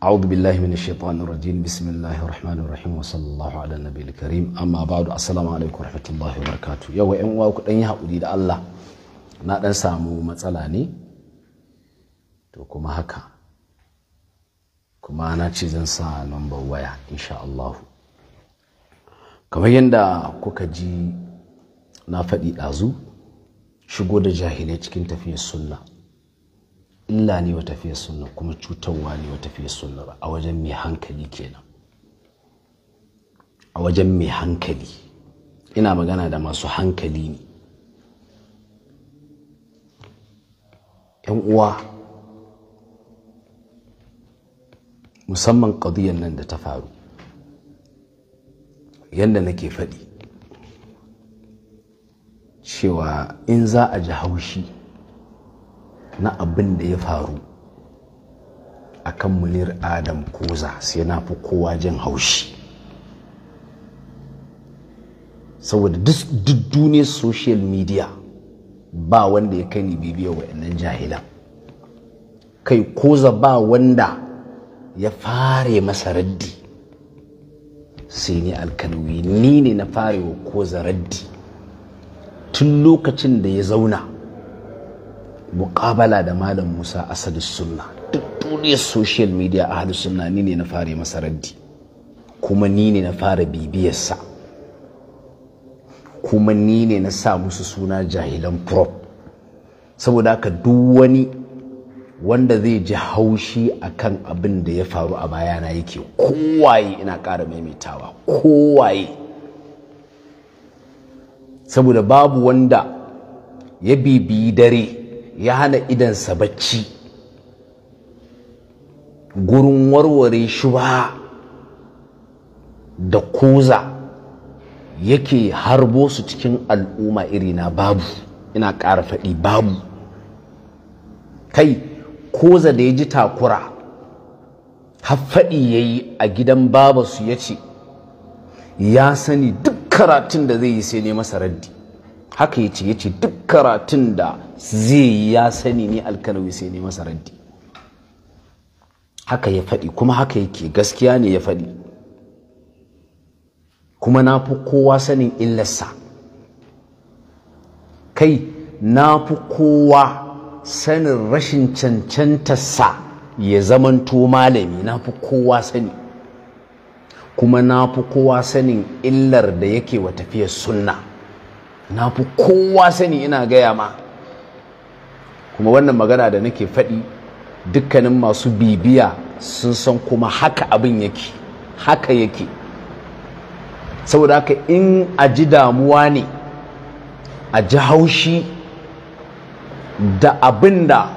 أعوذ بالله من الشيطان الرجيم بسم الله الرحمن الرحيم وصلى الله على النبي الكريم أما بعد السلام عليكم ورحمة الله وبركاته يا وإن واو كدن يا أولي دا الله نا دان سامو matsala ne to kuma haka kuma na ce zan sa number waya insha Allah kamar yadda kuka ji na faɗi ɗazu shigo da jahilai cikin tafiyar sunna illa ne wa tafiyar sunna kuma cutarwa ne wa tafiyar sunna ba a wajen mai hankali kenan a wajen mai hankali ina magana da masu hankali ne yan uwa musamman ƙadiyyar nan da ta faru yadda nake faɗi cewa in za a ji haushi na abin da ya faru a kan munir adam koza sai na fi kowa jin haushi saboda duk duniyar social media ba wanda ya kai ni bibiyar wa'annan jahilan kai koza ba wanda ya fare masa raddi sai ni alkalwi ni ne na wa koza raddi tun lokacin da ya zauna muƙabala da malam musa asadu sunna duk duniyar social media hadu sunna ni ne na fara masaraddi kuma ni ne na fara bibiyarsa kuma ni ne na sa musu suna jahilan prop saboda haka duk wani wanda zai ji haushi a kan abin da ya faru a bayana yake kowaye ina ƙara maimaitawa kowaye saboda babu wanda ya bibiyi dare ya hana idansa bacci gurin warware shi ba da koza yake harbo su cikin al'umma iri na babu ina ƙara faɗi babu kai koza da ya ji takura haffaɗi ya yi a gidan babasu ya ce ya sani duk karatun da zai yi sai ne masa raddi haka yace yace duk karatun da zai yi ya sani ne alkanawi sai ne masa haka ya faɗi kuma haka yake gaskiya ne ya faɗi kuma na fi kowa sanin illarsa kai na fi kowa sanin rashin cancantarsa ya zamanto malami na fi kowa sani kuma na fi kowa sanin illar da yake wa tafiyar sunna na fi kowa sani ina gaya ma kuma wannan magana da nake faɗi dukkanin masu bibiya sun san kuma haka abin yake haka yake saboda haka in a ji damuwa ne a ji haushi da abin da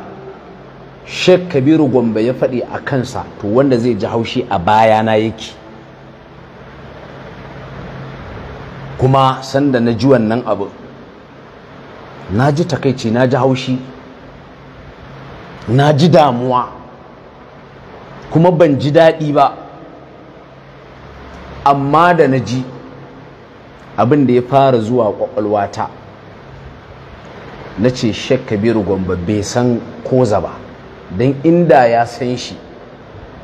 shek kabiru gombe ya faɗi a kansa to wanda zai ji haushi a bayana yake kuma sanda na ji wannan abu na ji takaici na ji haushi na ji damuwa kuma ban ji daɗi ba amma da na ji abin da ya fara zuwa ƙwaƙwalwata na ce shek kabiru gombe bai san koza ba don inda ya san shi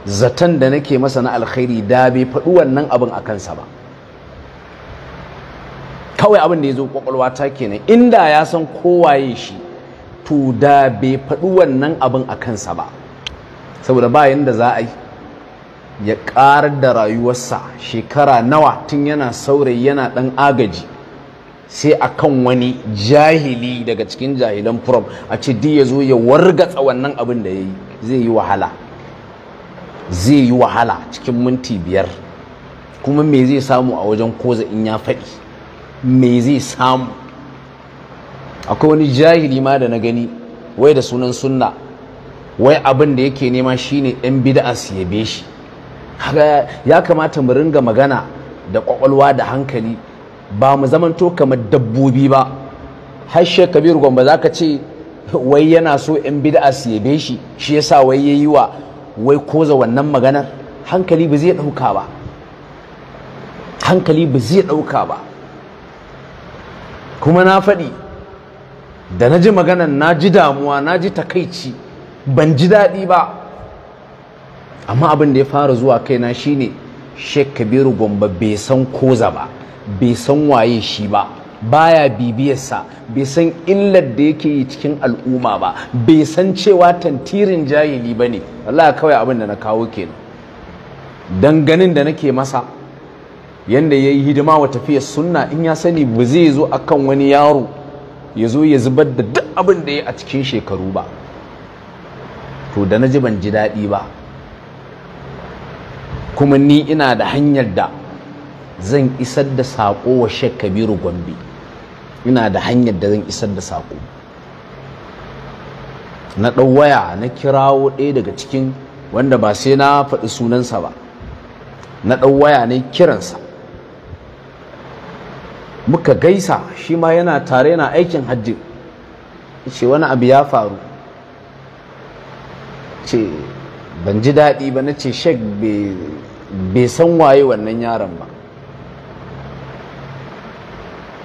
zaton da nake masa na alkhairi da bai faɗi wannan abin a kansa ba kawai abin da ya zo kwakwalwa ta kenan inda ya san kowaye shi to da bai faɗi wannan abin a kansa ba saboda ba yadda za a yi ya ƙarar da rayuwarsa shekara nawa tun yana saurayi yana ɗan agaji sai a kan wani jahili daga cikin jahilan prom a ce duk ya zo ya wargatsa wannan abin da ya yi zai yi wahala zai yi wahala cikin minti biyar kuma me zai samu a wajen koza in ya faɗi me zai samu akwai wani jahili ma da na gani wai da sunan sunna wai abin da yake nema shine yan bid'a su yabe shi ya kamata mu ringa magana da ƙwaƙwalwa da hankali ba mu zamanto kamar dabbobi ba har kabir gwamba za ka ce wai yana so yan bid'a su yabe shi shi yasa wai ya yi wa wai koza wannan maganar hankali ba zai ɗauka ba hankali ba zai ɗauka ba kuma na faɗi da na ji maganan na ji damuwa na ji takaici ban ji daɗi ba amma abin da ya fara zuwa kaina shine Sheikh Kabiru Gombe bai san koza ba bai san waye shi ba baya bibiyarsa bai san illar da yake yi cikin al'umma ba bai san cewa tantirin jahili ba ne allah kawai abin da na kawo kenan ganin da nake masa yanda ya yi hidima wa tafiyar sunna in ya sani ba zai zo kan wani yaro ya zo ya zubar da duk abin da ya a cikin shekaru ba to da na ji ban ji daɗi ba kuma ni ina da hanyar da zan isar da saƙo wa shek kabiru gombe ina da hanyar da zan isar da saƙo na ɗau na kirawo ɗaya daga cikin wanda ba sai na faɗi sunansa ba na ɗau waya ne kiransa muka gaisa shi ma yana tare yana aikin hajji ce wani abu ya faru ce ban ji daɗi ba na ce shek bai san waye wannan yaron ba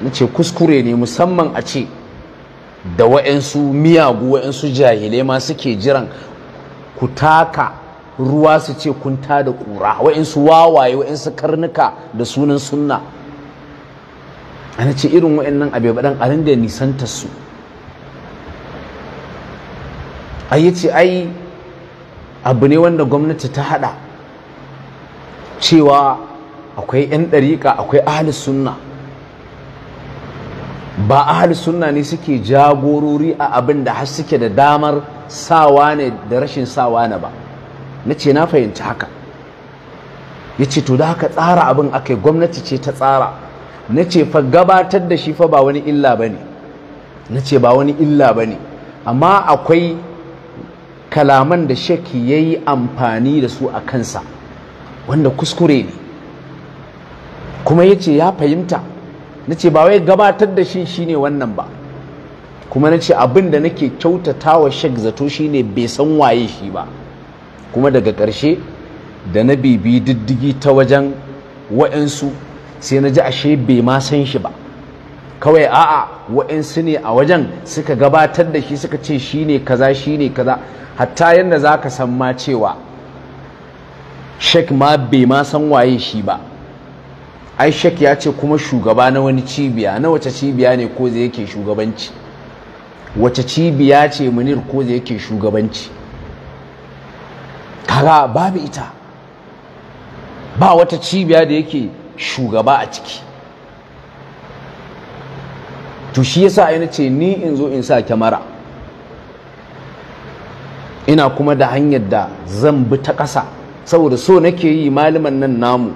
na ce kuskure ne musamman a ce da wa'yansu miyagu wa'yansu jahilai ma suke jiran ku taka ruwa su ce kun da ƙura wa'yansu wawaye wa'yansu karnuka da sunan sunna ana ce irin wa'annan abe baɗan a rinda nisanta su a ya ce ai abu ne wanda gwamnati ta haɗa cewa akwai 'yan ɗariƙa akwai ahalus sunna ba ahalus sunna ne suke jagorori a abin da har suke da damar sawa ne da rashin sawa ne ba na ce na fahimci haka ya ce to da haka tsara abin aka yi gwamnati ce ta tsara na ce fa gabatar da shi fa ba wani illa ba ne na ce ba wani illa ba ne amma akwai kalaman da shaki ya yi amfani da su a kansa wanda kuskure ne kuma ya ce ya fahimta na ce ba wai gabatar da shi shi ne wannan ba kuma na ce abin da nake kyautata wa shek zato shine bai san waye shi ba kuma daga ƙarshe da na bibi diddigi ta wajen waɗansu sai na ji ashe bai ma san shi ba kawai a'a wa'insu ne a wajen suka gabatar da shi suka ce shi ne kaza shi ne kaza hatta yadda za ka san ma cewa shek ma bai ma san waye shi ba ai shek ya ce kuma shugaba na wani cibiya na wace cibiya ne ko zai yake shugabanci wace cibiya ce munir ko zai yake shugabanci kaga babu ita ba wata cibiya da yake shugaba a ciki to shi yasa yana ce ni in zo in sa kyamara ina kuma da hanyar da zan bi ta ƙasa saboda so nake yi malaman nan namu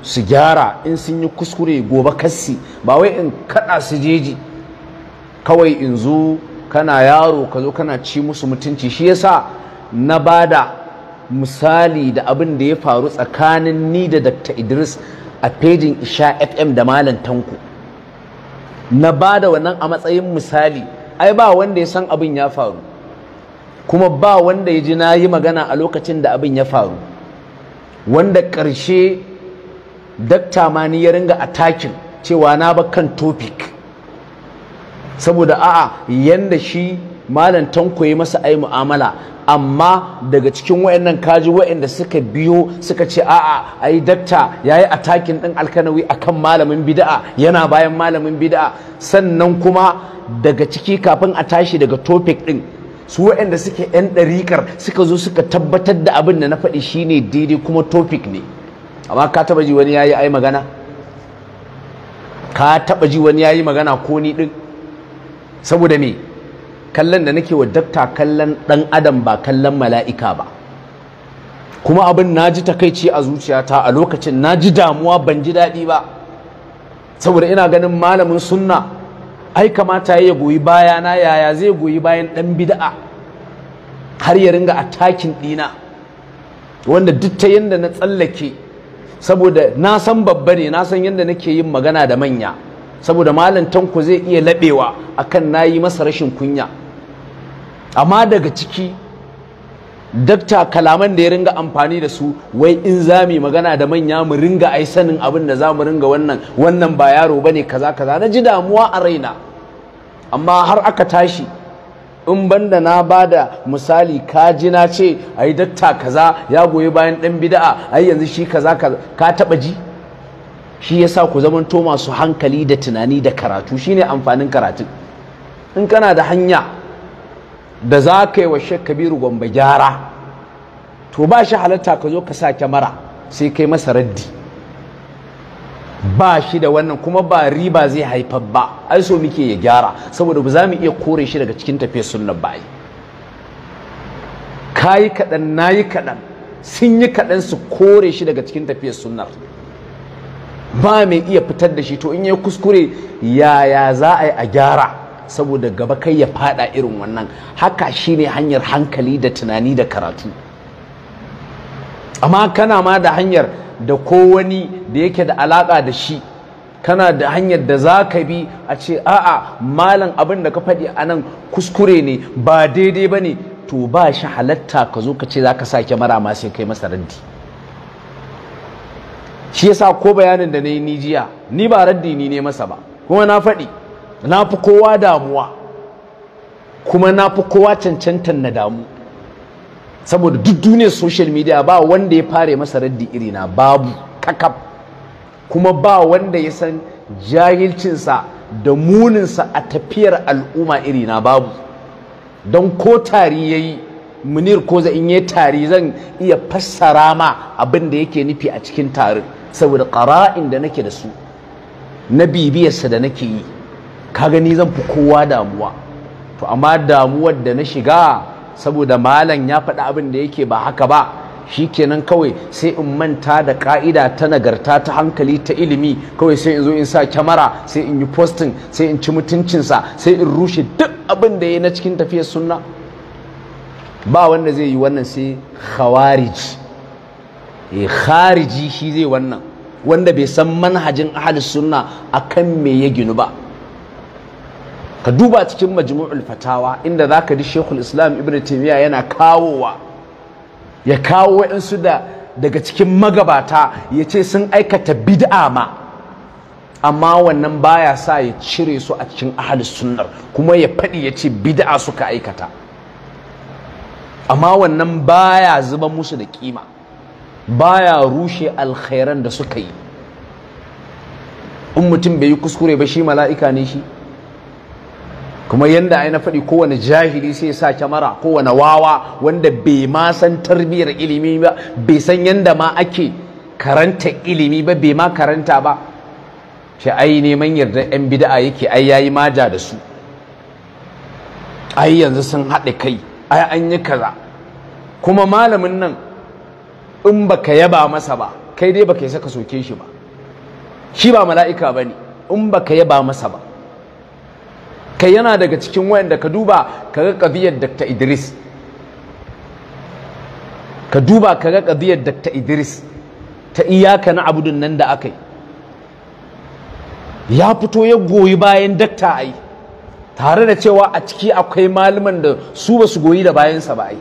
su gyara in sun yi kuskure gobe kassi ba wai in kaɗa su jeji kawai in zo kana yaro ka zo kana ci musu mutunci shi yasa na bada misali da abin da ya faru tsakanin ni da Dr. Idris a fejin isha fm da malam tanko na ba da wannan a matsayin misali ai ba wanda ya san abin ya faru kuma ba wanda ya ji na yi magana a lokacin da abin ya faru wanda ƙarshe dakta mani ya ringa atakin cewa na ba kan topic saboda a'a yanda shi malam tanko yi masa ai mu'amala amma daga cikin wayannan kaji wayanda suka biyo suka ce a'a ai dakta yayi attacking din alkanawi akan malamin bid'a yana bayan malamin bid'a sannan kuma daga ciki kafin a tashi daga topic din su wayanda suke yan ɗarikar suka zo suka tabbatar da abin da na faɗi shine daidai kuma topic ne amma ka taba ji wani yayi ai magana ka taba ji wani yayi magana ko ni din saboda me kallon da nake wa dakta kallon dan adam ba kallon mala'ika ba kuma abin na ji takaici a zuciyata a lokacin na ji damuwa ban ji daɗi ba saboda ina ganin malamin sunna ai kamata ya goyi bayana yaya zai goyi bayan ɗan bida'a har ya ringa atakin ɗina wanda duk ta yadda na tsallake saboda na san babba ne na san yadda nake yin magana da manya saboda malam tanko zai iya laɓewa akan na yi masa rashin kunya amma daga ciki dakta kalaman da ya ringa amfani da su wai in za mu magana da manya mu ringa ai sanin abin da za mu ringa wannan wannan ba yaro ba ne kaza kaza na ji damuwa a raina amma har aka tashi in banda na bada misali kaji na ce ai dakta kaza ya goyi bayan dan bid'a ai yanzu shi kaza kaza ka taba ji shi yasa ku zamanto masu hankali da tunani da karatu shine amfanin karatu in kana da hanya da za ka yi wa shek kabiru gwamba gyara to ba shi halatta ka zo ka sa kyamara sai kai masa raddi ba shi da wannan kuma ba riba zai haifar ba ai so muke ya gyara saboda ba za mu iya kore shi daga cikin tafiyar sunnan ba Ka yi kaɗan na yi kaɗan sun yi kaɗan su kore shi daga cikin tafiyar sunnar ba mai iya fitar da shi to in ya kuskure yaya za a yi a gyara saboda gaba kai ya fada irin wannan haka shine hanyar hankali da tunani da karatu amma kana ma da hanyar da kowani da yake da alaka da shi kana da hanyar da za ka bi a ce a'a malam abin da ka faɗi a nan kuskure ne ba daidai ba ne to ba shi halatta ka zo ka ce za ka sake mara ma sai kai masa raddi shi yasa ko bayanin da na yi ni jiya ni ba raddi ni ne masa ba kuma na faɗi na fi kowa damuwa kuma na fi kowa cancantar na damu saboda duk duniyar social media ba wanda ya fare masa raddi irina babu kakab kuma ba wanda ya san jahilcinsa da muninsa a tafiyar al'umma irina babu don ko tari ya yi munir ko in yi tari zan iya fassara ma abin da yake nufi a cikin tarin saboda ƙara'in da nake da su na bibiyarsa da nake yi ka gani zan fi kowa damuwa to amma damuwar da na shiga saboda malam ya faɗi abin da yake ba haka ba shi kenan kawai sai in manta da ka'ida ta nagarta ta hankali ta ilimi kawai sai in zo in sa kyamara sai in yi postin sai in ci mutuncinsa sai in rushe duk abin da ya na cikin tafiyar sunna ba wanda zai yi wannan sai khawariji, khawarij eh, khariji shi zai wannan wanda bai san manhajin ahalus sunna akan me ya ginu ba ka duba cikin majmu'ul fatawa inda za ka ji shekul Islam Ibn taimiyya yana kawowa ya kawo wa'insu da daga cikin magabata ya ce sun aikata bid'a ma amma wannan baya sa ya cire su a cikin ahlus sunnar kuma ya faɗi ya ce bid'a suka aikata amma wannan baya zuba musu da kima baya rushe alkhairan da suka yi in mutum bai yi kuskure ba shi mala'ika ne shi kuma yanda ai na faɗi kowane jahili sai ya sa kyamara kowane wawa wanda bai ma san tarbiyyar ilimi ba bai san yanda ma ake karanta ilimi ba bai ma karanta ba shi ai neman yardar yan bida'a yake ai yayi maja da su ai yanzu sun haɗe kai ai an yi kaza kuma malamin nan in baka yaba masa ba kai dai baka yi saka soke shi ba shi ba mala'ika ba ne, in baka yaba masa ba kai yana daga cikin wayanda ka duba kaga kabiyar Dr. Idris ka duba kaga kabiyar Dr. Idris ta iyaka na abudun nan da aka yi ya fito ya goyi bayan dakta ai tare da cewa a ciki akwai malaman da su ba su goyi da bayansa ba ai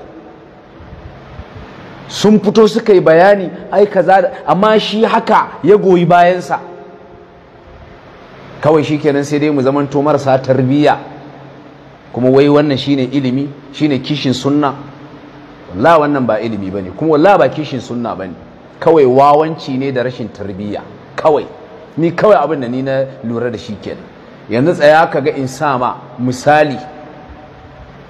sun fito suka yi bayani ai kaza amma shi haka ya goyi bayansa kawai shikenan sai dai mu to marasa tarbiyya kuma wai wannan shine ilimi shine kishin sunna wallahi wannan ba ilimi bane kuma wallahi ba kishin sunna bane kawai wawanci ne da rashin tarbiyya kawai ni kawai abin da ni na lura da shi kenan yanzu tsaya ka ga in sama misali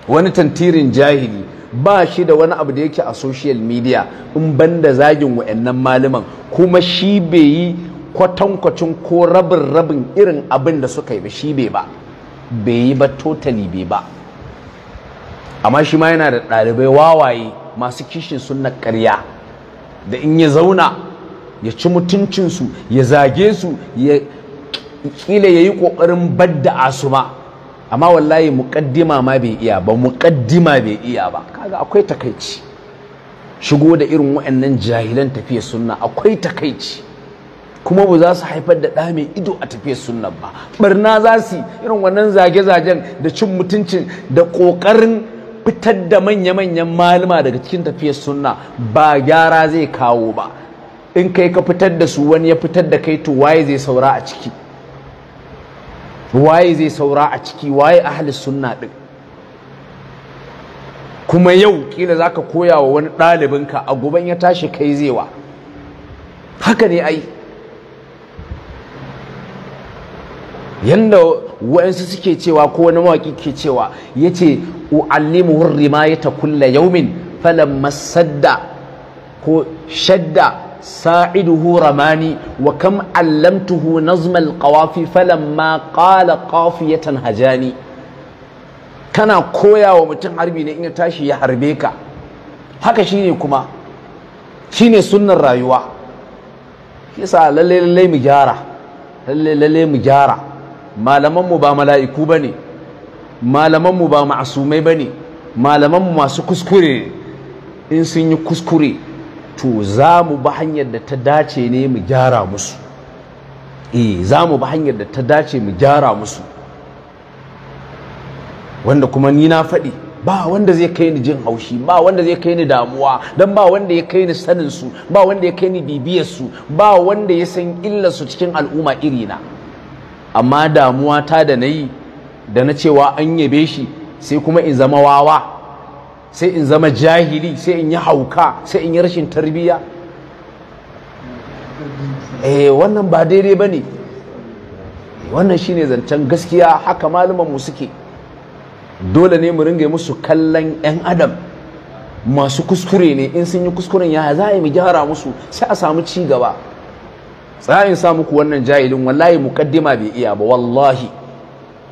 wani tantirin jahili ba shi da wani abu da yake a social media in banda zagin wa'annan malaman kuma shi bai yi kwatankwacin ko rabin rabin irin abin da suka yi ba shi bai ba bai yi ba totally bai ba amma shi ma yana da ɗalibai wawaye masu kishin suna karya. da in ya zauna ya ci mutuncinsu ya zage su ya ƙila ya yi ƙoƙarin badda asu ma amma wallahi muƙaddima ma bai iya ba muƙaddima bai iya ba kaga akwai takaici shigo da irin waɗannan jahilan tafiya sunna akwai takaici kuma ba za su haifar da ɗa mai ido a tafiyar sunan ba barna za su irin wannan zage-zagen da cin mutuncin da ƙoƙarin fitar da manya-manyan malama daga cikin tafiyar sunna ba gyara zai kawo ba in kai ka fitar da su wani ya fitar da kai to waye zai saura a ciki waye zai saura a ciki waye ahli sunna din kuma yau kila zaka koya wa wani ɗalibinka a goban ya tashi kai zewa haka ne ai yanda wa'ansu suke cewa ko wani mawaki ke cewa yace ma rimayata kulla yaumin Falan sadda ko shadda sa'iduhu ramani wa kam allamtuhu nazma alqawafi falamma qala qafiyatan hajani kana koya wa mutum harbi ne in ya tashi ya harbe ka haka shine kuma shine sunnan rayuwa yasa lalle lalle mu gyara lalle lalle mu gyara malamanmu ba mala'iku ba ne malamanmu ba ma'asumai ba ne malamanmu masu kuskure in sun yi kuskure to za mu ba hanyar da ta dace ne mu gyara musu eh za mu ba hanyar da ta dace mu gyara musu wanda kuma ni na faɗi ba wanda zai kai ni jin haushi ba wanda zai kai ni damuwa don ba wanda ya kai ni sanin su ba wanda ya kai ni bibiyar ba wanda ya san illarsu cikin al'umma iri na. amma damuwa ta da na yi da na cewa an yabe shi sai kuma in zama wawa sai in zama jahili sai in yi hauka sai in yi rashin tarbiyya eh wannan ba daidai ba ne wannan shi ne zancen gaskiya haka mu suke dole ne mu ringa musu kallon 'yan adam masu kuskure ne in sun yi kuskuren yaya za a yi mu gyara musu sai a samu ci gaba tsarin sa muku wannan jahilin wallahi mukaddima bai iya ba wallahi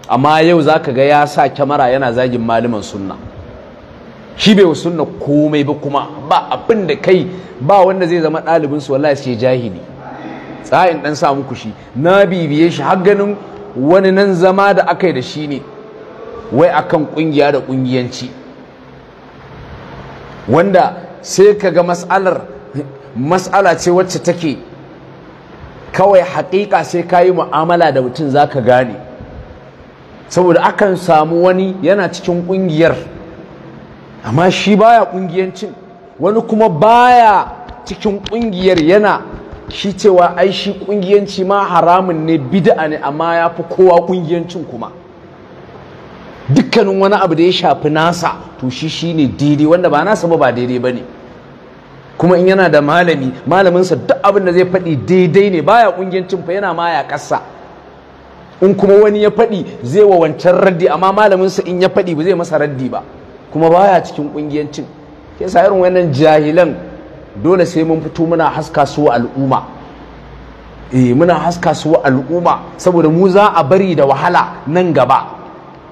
amma yau zaka ga ya sa kyamara yana zagin malaman sunna shi bai sunna komai ba kuma ba abin da kai ba wanda zai zama ɗalibin su wallahi sai jahili tsarin dan sa muku shi na bibiye shi har ganin wani nan zama da aka yi da shi ne wai akan kungiya da kungiyanci wanda sai kaga mas'alar mas'ala ce wacce take kawai haƙiƙa sai ka yi mu'amala da mutum za ka gane saboda akan samu wani yana cikin ƙungiyar amma shi baya ƙungiyancin wani kuma baya cikin ƙungiyar yana shi cewa ai shi ƙungiyanci ma haramun ne bid'a ne amma ya fi kowa ƙungiyancin kuma dukkanin wani abu da ya shafi nasa to shi shine daidai wanda ba nasa ba ba daidai ba ne kuma in yana da malami malaminsa duk abin da zai faɗi daidai ne baya ƙungiyar fa, yana ma ya ƙasa in kuma wani ya faɗi zai wa wancan raddi amma malaminsa in ya faɗi ba zai masa raddi ba kuma baya cikin ƙungiyar cin yasa irin wannan jahilan dole sai mun fito muna haska su al'umma eh muna haska su al'umma saboda mu za a bari da wahala nan gaba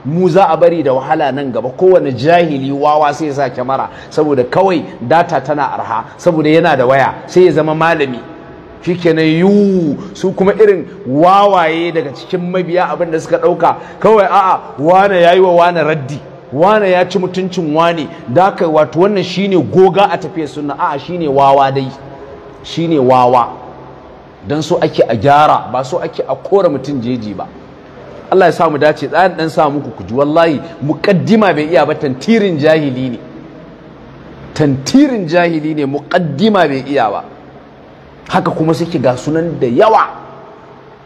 mu za a bari da wahala nan gaba kowane jahili wawa sai ya sa kyamara saboda kawai data tana arha saboda yana da waya sai ya zama malami shikenan yu su kuma irin wawaye daga cikin mabiya abin da suka ɗauka kawai a'a wane yayi wa wane raddi wane ya ci mutuncin wane da wato wannan shine goga a tafiya sunna a'a shine wawa dai shine wawa dan so ake a gyara ba so ake a kora mutum jeji ba Allah ya sa mu dace tsayan dan sa muku kuji wallahi muqaddima bai iya ba tantirin jahili ne tantirin jahili ne muqaddima bai iya ba haka kuma suke ga sunan da yawa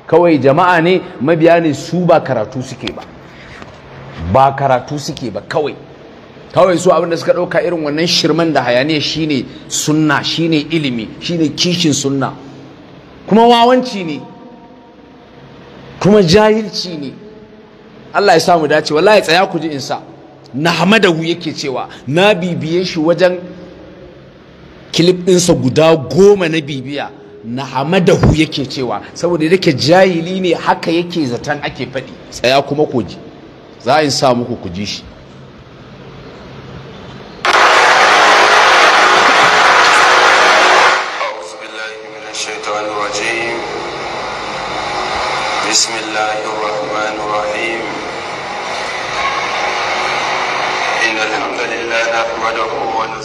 kawai jama'a ne mabiya ne su ba karatu suke ba ba karatu suke ba kawai kawai su abinda suka ɗauka irin wannan shirman da hayaniya shine sunna shine ilimi shine kishin sunna kuma wawanci ne kuma jahilci ne Allah ya samu dace wallahi tsaya ku ji insa na hamadahu yake cewa na bibiye shi wajen kilif ɗinsa guda goma na bibiya na hamadahu yake cewa saboda yake jahili ne haka yake zaton ake faɗi tsaya kuma ku ji za a sa muku ku ji shi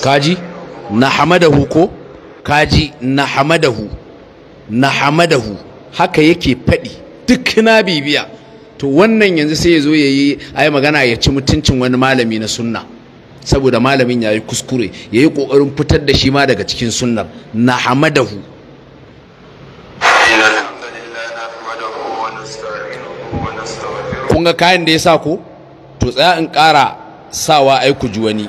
kaji na hamadahu ko kaji na hamadahu na hamadahu haka yake faɗi duk na bibiya to wannan yanzu sai ya zo ya yi ai magana ya ci mutuncin wani malami na sunna saboda malamin ya yi kuskure ya yi ƙoƙarin fitar da shi ma daga cikin sunnar na hamadahu kun ga kayan da ya sa ko to tsaya in ƙara sawa ai ku ji wani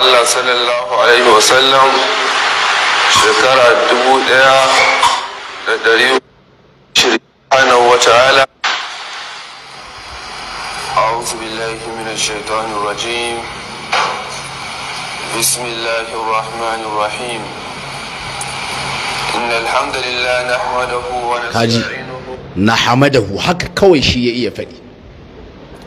الله صلى الله عليه وسلم شكر الدبو da لدريو سبحانه وتعالى أعوذ بالله من الشيطان الرجيم بسم الله الرحمن الرحيم إن الحمد لله نحمده ونستعينه نحمده هكا كوي شيء يفعل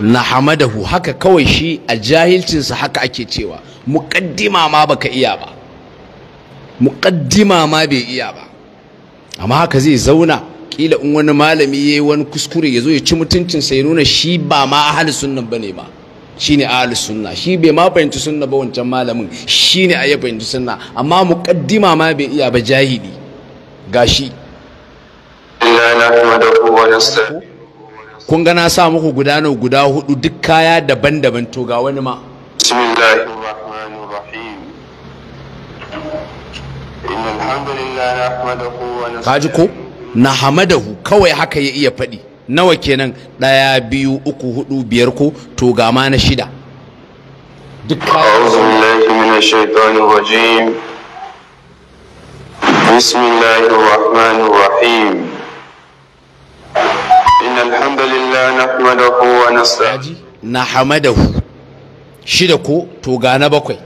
na hamadahu haka kawai shi a jahilcinsa haka ake cewa muƙaddima ma baka iya ba muƙaddima ma bai iya ba amma haka zai zauna kila in wani malami ya yi wani kuskure ya zo ya ci mutuncinsa ya nuna shi ba ma a hali sunan ba Shi a hali sunna shi bai ma fahimci sunna ba wancan malamin shi ne a ya fahimci sunna amma muqaddima ma bai iya ba jahili gashi inna nahmaduhu wa nasta'inuhu kun ga na sa muku guda nawa guda hudu duk kaya daban-daban to ga wani ma kaji ko na hamadahu kawai haka ya iya faɗi nawa kenan ɗaya biyu uku hudu biyar ko to ga ma na shida duk kaya بسم الله الرحمن الرحيم إن الحمد لله نحمده ونستعين نحمده شدكو توغانا بكوي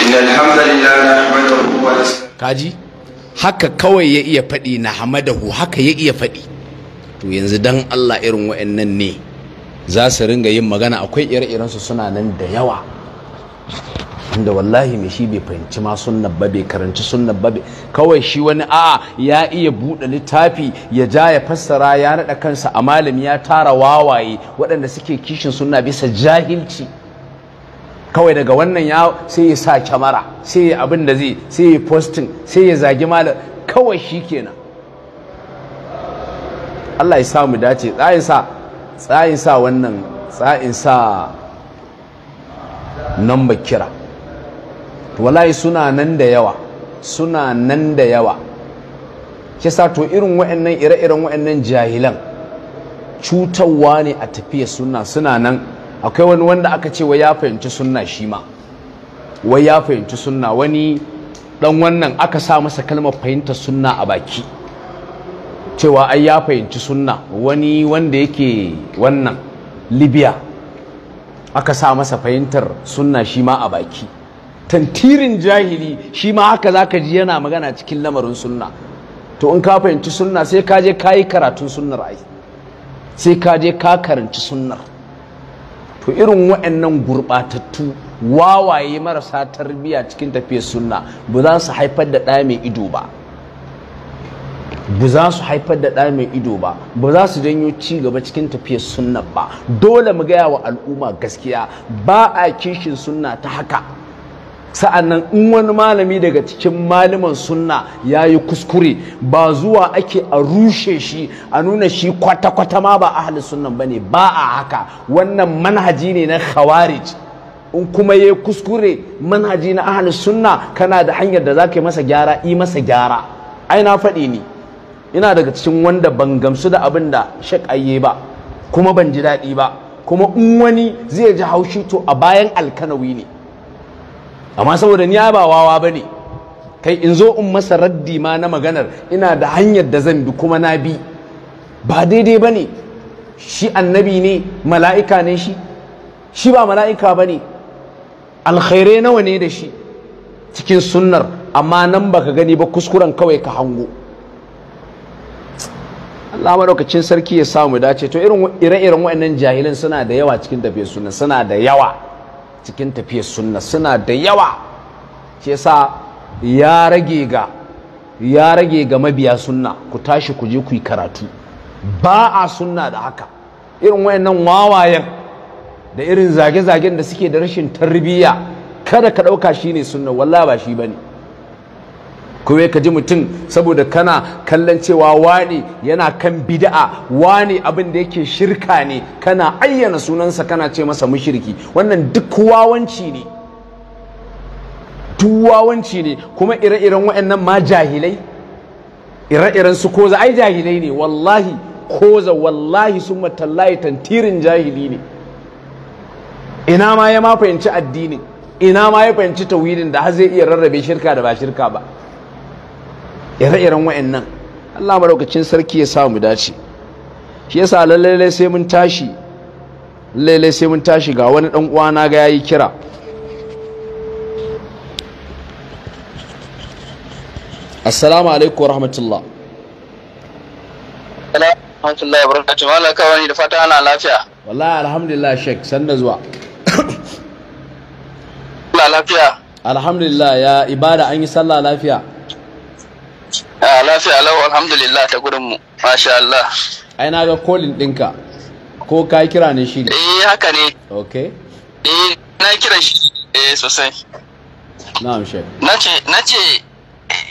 إن الحمد لله نحمده ونستعين كاجي haka kawai ya iya faɗi na hamadahu haka ya iya faɗi to yanzu dan Allah irin wa'annan ne za su ringa yin magana akwai ire-irensu suna nan da yawa inda wallahi mai shi bai fahimci ma sun ba bai karanci sun ba kawai shi wani a ya iya buɗe littafi ya ja ya fassara ya naɗa kansa a malam ya tara wawaye waɗanda suke kishin sunna bisa jahilci kawai daga wannan ya sai ya sa kyamara sai ya abin da zai sai ya posting sai ya zagi malam kawai shi kenan Allah ya samu dace tsayin sa tsayin sa wannan tsayin sa nan kira wallahi suna nan da yawa suna nan da yawa kisa to irin wa'annan ire-iren wa'annan jahilan cutarwa ne a tafiya suna suna nan akwai wani wanda aka ce wa ya fahimci sunna shi ma wai ya fahimci sunna wani dan wannan aka sa masa kalmar fahimta sunna a baki cewa ai ya fahimci sunna wani wanda yake wannan libya aka sa masa fahimtar sunna shi ma a baki tantirin jahili shi ma haka za ka ji yana magana cikin lamarin sunna to in ka fahimci sunna sai ka je ka yi karatun sunnar ai sai ka je ka karanci sunnar to irin waɗannan gurɓatattu wawaye marasa tarbiyya cikin tafiyar sunna ba za su haifar da ɗaya mai ido ba ba za su haifar da ɗa mai ido ba ba za su janyo ci gaba cikin tafiyar sunna ba dole mu gaya wa al'umma gaskiya ba a kishin sunna ta haka sa'annan in wani malami daga cikin malaman sunna ya yi kuskure ba zuwa ake a rushe shi a nuna shi kwata-kwata ma ba halin sunnan ba ne ba a haka wannan manhaji ne na khawarij in kuma ya kuskure manhaji na halin sunna kana da hanyar da za ka yi masa gyara yi masa gyara ai na faɗi ni ina daga cikin wanda ban gamsu da abin da shaƙayye ba kuma ban ji daɗi ba kuma in wani zai ji haushi to a bayan alkanawi ne amma saboda ni ba wawa bane kai in zo in masa raddi ma na maganar ina da hanyar da zan bi kuma na bi ba daidai bane shi annabi ne mala'ika ne shi shi ba mala'ika bane alkhairai nawa ne da shi cikin sunnar amma nan baka gani ba kuskuren kawai ka hango Allah madaukakin sarki ya samu dace to irin ire-iren waɗannan jahilan suna da yawa cikin tafiye suna da yawa cikin tafiyar sunna suna da yawa ce sa ya rage ga ya rage ga mabiya sunna ku tashi ku je ku yi karatu ba a sunna da haka irin wayannan wawayen da irin zage-zagen da suke da rashin tarbiyya kada ka ɗauka shi ne sunna wallah ba shi ba ne. kuma ka ji mutum saboda kana kallon cewa wani yana kan bid'a wani abin da yake shirka ne kana ayyana sunansa kana ce masa mushriki wannan duk wawanci ne duk wawanci ne kuma ire-iren waɗannan ma jahilai ire-iren su koza ai jahilai ne wallahi koza wallahi sun matallahi tantirin jahili ne ina ma ya ma fahimci addinin ina ma ya fahimci tawilin da har zai iya rarrabe shirka da ba shirka ba ire-iren wa'annan Allah maraukacin sarki ya sa mu dace shi yasa lallai sai mun tashi lallai sai mun tashi ga wani dan uwana ga yayi kira assalamu alaikum warahmatullah alhamdulillah barakatuh wala kawani da fata ana lafiya wallahi alhamdulillah shek sanda zuwa lafiya alhamdulillah ya ibada an yi sallah lafiya a ah, lafiya lau alhamdulillah ta gudun mu masha Allah ai na ga kolin ɗinka ko ka kira ne shi eh haka ne okay eh na kira shi eh sosai na amshe. nace nace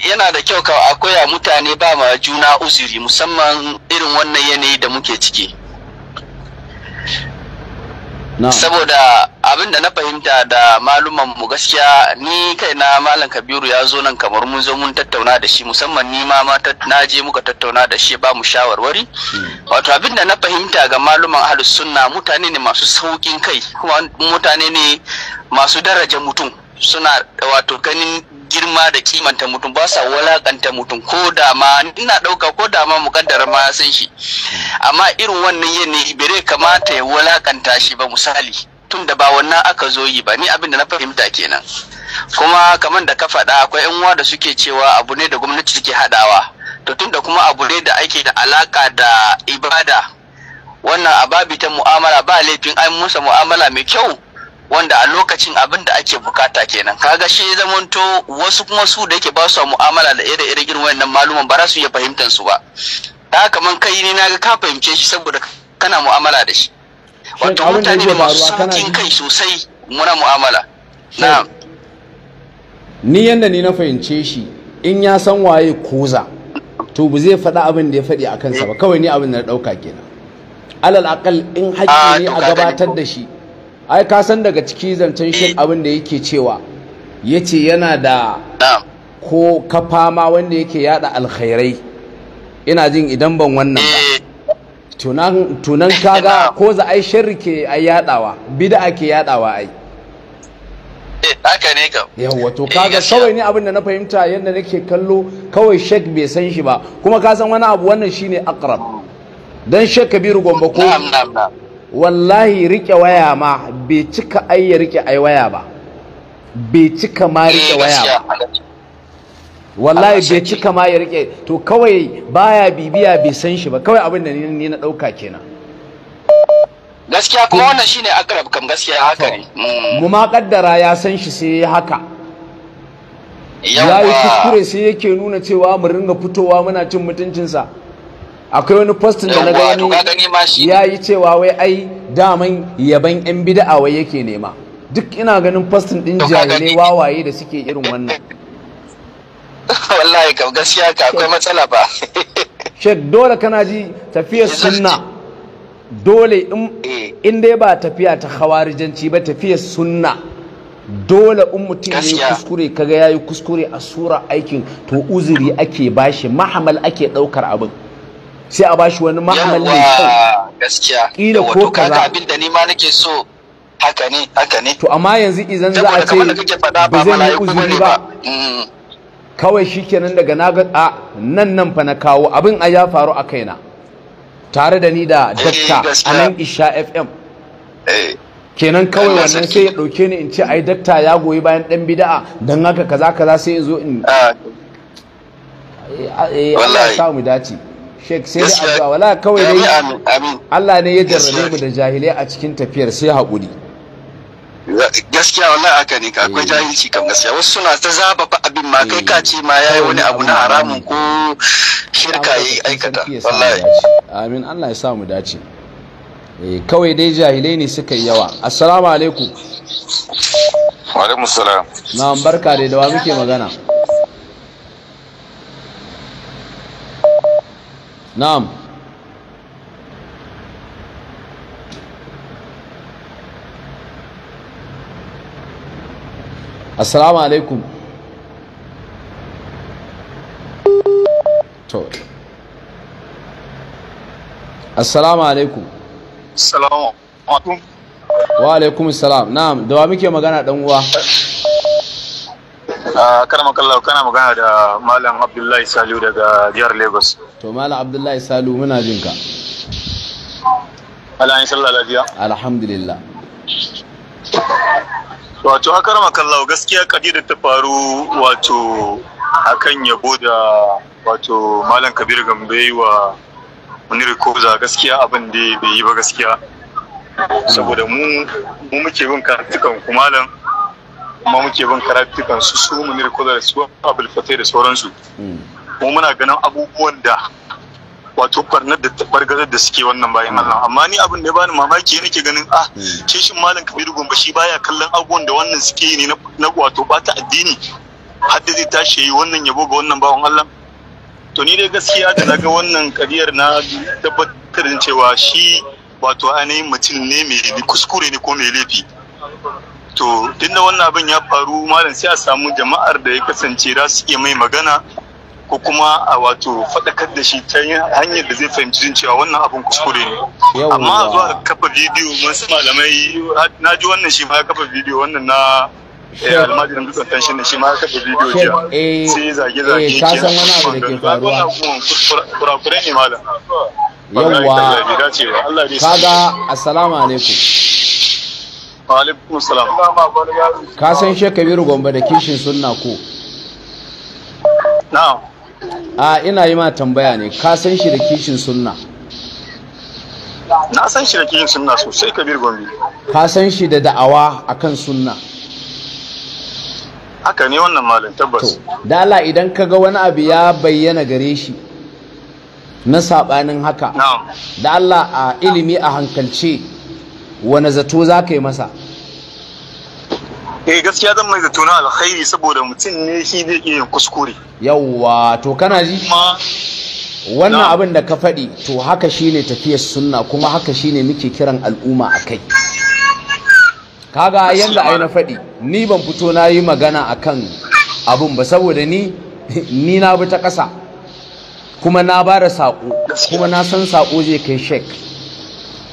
yana da kyau ka a koya mutane ba ma juna uzuri musamman irin wannan yanayi da muke ciki saboda abin da na fahimta da maluman mu gaskiya ni kai na malam kabiru ya zo nan kamar mun zo mun tattauna da shi musamman ni ma na je muka tattauna da shi ba mu shawarwari hmm. wato abin da na fahimta ga maluman ahlus sunna mutane ne masu saukin kai kuma mutane ne masu daraja mutum suna wato ganin girma da kimanta mutum ba sa walakanta mutum ko da ma ina ɗauka ko da ma mukaddara ma san shi amma irin wannan yanayi bai kamata ya walakanta shi ba misali tun da ba wannan aka zo yi ba ni abin da na fahimta kenan kuma kamar da ka faɗa akwai yan uwa da suke cewa abu ne da gwamnati take haɗawa to tun da kuma abu ne da ake da alaka da ibada wannan ababi ta mu'amala ba laifin an musa mu'amala mai kyau wanda a lokacin abin da ake bukata kenan kaga shi zamanto wasu kuma su da yake ba su mu'amala da ire ire irin wayannan maluman ba za su iya fahimtar su ba ta kaman kai ne naga ka fahimce shi saboda kana mu'amala da shi wato mutane ne masu saukin kai sosai muna mu'amala na ni yanda ni na fahimce shi in ya san waye koza to ba zai faɗa abin da ya faɗi a kansa ba kawai ni abin da na ɗauka kenan alal akal in hakki ah, ne a gabatar da shi ai ka san daga ciki zancen shi eh. abin da yake cewa yace yana da ko kafa ma wanda yake yada alkhairai ina jin idan ban wannan ba eh. tunan kaga ko za ai sharri ke ai yadawa bid'a ke yadawa ai eh, haka ne kam yawa to kaga kawai ne abin da na fahimta yadda nake kallo kawai shek bai san shi ba kuma ka san wani abu wannan shine akrab dan shek kabiru gombe ko wallahi rike waya ma bai cika ai ya rike ai waya ba bai cika ma eh, rike waya ba wallahi bai cika ma ya rike to kawai baya bibiya bai san shi ba kawai abin da ni na dauka kenan gaskiya kuma wannan shine akrab kam gaskiya haka ne mu ma kaddara ya san shi sai haka ya yi kuskure sai yake nuna cewa mu ringa fitowa muna cin mutuncinsa akwai wani postin da na gani ya yi cewa wai ai daman yaban yan bida'a wai yake nema duk ina ganin postin din ne wawaye da suke irin wannan wallahi kam gaskiya ka akwai matsala ba shek dole kana ji tafiya sunna dole eh. in dai ba tafiya ta hawarijanci ba tafiya sunna dole in mutum ya yi kuskure kaga ya yi kuskure a sura aikin to uzuri ake bashi mahamal ake ɗaukar abin sai a bashi wani ma'amali ne kai gaskiya kila ko kaza abin da ni ma nake so haka ne haka ne to amma yanzu idan za a ce ba zai yi uzuri ba kawai shikenan daga na ga a nan nan fa na kawo abin a ya faru a kaina tare da ni da eh, dakta a nan isha fm eh. kenan eh, kawai wannan sai ya dauke ni in ce ai dakta ya goyi bayan dan bid'a dan haka kaza kaza sai in zo in ah. sa mu dace Sheikh sai da addu'a wala kawai dai Allah ne ya jarrabe mu da jahilai a cikin tafiyar sai haƙuri gaskiya wannan haka ne ka akwai eh. jahilci kan gaskiya wasu suna ta zaba fa abin ma kai ka eh. ce ma yayi wani abu na haramun ko shirka yi aikata wallahi amin Allah ya sa mu dace eh kawai dai jahilai ne suka yi yawa assalamu alaikum wa alaikum salam na barka da wa muke magana na'am assalamu alaikum to assalamu alaikum assalamu alaikum wa alaikum assalam na'am da wa muke magana dan uwa Ah, karama kallau kana magana da malam abdullahi salu daga jihar lagos to malam abdullahi salu muna jin ka alayin sallah lafiya alhamdulillah wato a karama kallau gaskiya da ta faru wato akan yabo da wato malam kabir gambe wa munir koza gaskiya abin da bai yi ba gaskiya saboda mu muke bin kartukan kuma malam kuma muke bin karatukan su su mu kuza da su abul fatai da sauransu mu muna ganin abubuwan da wato barnar da bargazar da suke wannan bayan Allah mm. amma ni abin da ya bani mamaki nake ganin ah kishin mm. malam kabiru gumba shi baya kallon abubuwan da wannan suke ne na wato bata addini har da zai tashi yi wannan yabo ga wannan bawan Allah to ni dai gaskiya da naga wannan kariyar na tabbatar cewa shi wato ainihin mutum ne mai kuskure ne ko mai laifi to duk da wannan abin ya faru malam sai a samu jama'ar da ya kasance za su iya mai magana ko kuma a wato faɗakar da shi ta hanyar da zai fahimci jin cewa wannan abin kuskure ne amma zuwa kafa bidiyo wasu malamai na ji wannan shi ma ya kafa bidiyo wannan na eh, almajirin dutsen tanshin da shi ma ya kafa bidiyo jiya eh, sai zage-zage eh, ke san wani abu da ke faruwa ne malam yawwa kaga assalamu alaikum alaikum salam ka san shi kabiru gombe da kishin sunna ko na'am a ina yi ma tambaya ne ka san shi da kishin sunna na san shi da kishin sunna sosai kabir gombe ka san shi da da'awa akan sunna haka ne wannan malin tabbas dala idan ka ga wani abu ya bayyana gare shi na saɓanin haka da Allah a ilimi a hankalce wani zato za ka yi masa eh gaskiya zan mai zato na alkhairi saboda mutum ne shi zai iya kuskure yawwa to kana ji wannan abin da ka faɗi to haka shine tafiyar sunna kuma haka shine muke kiran al'umma a kai kaga yadda ai na faɗi ni ban fito na yi magana a kan abin ba saboda ni ni na bi ta ƙasa kuma na ba da saƙo kuma na san saƙo zai kai shek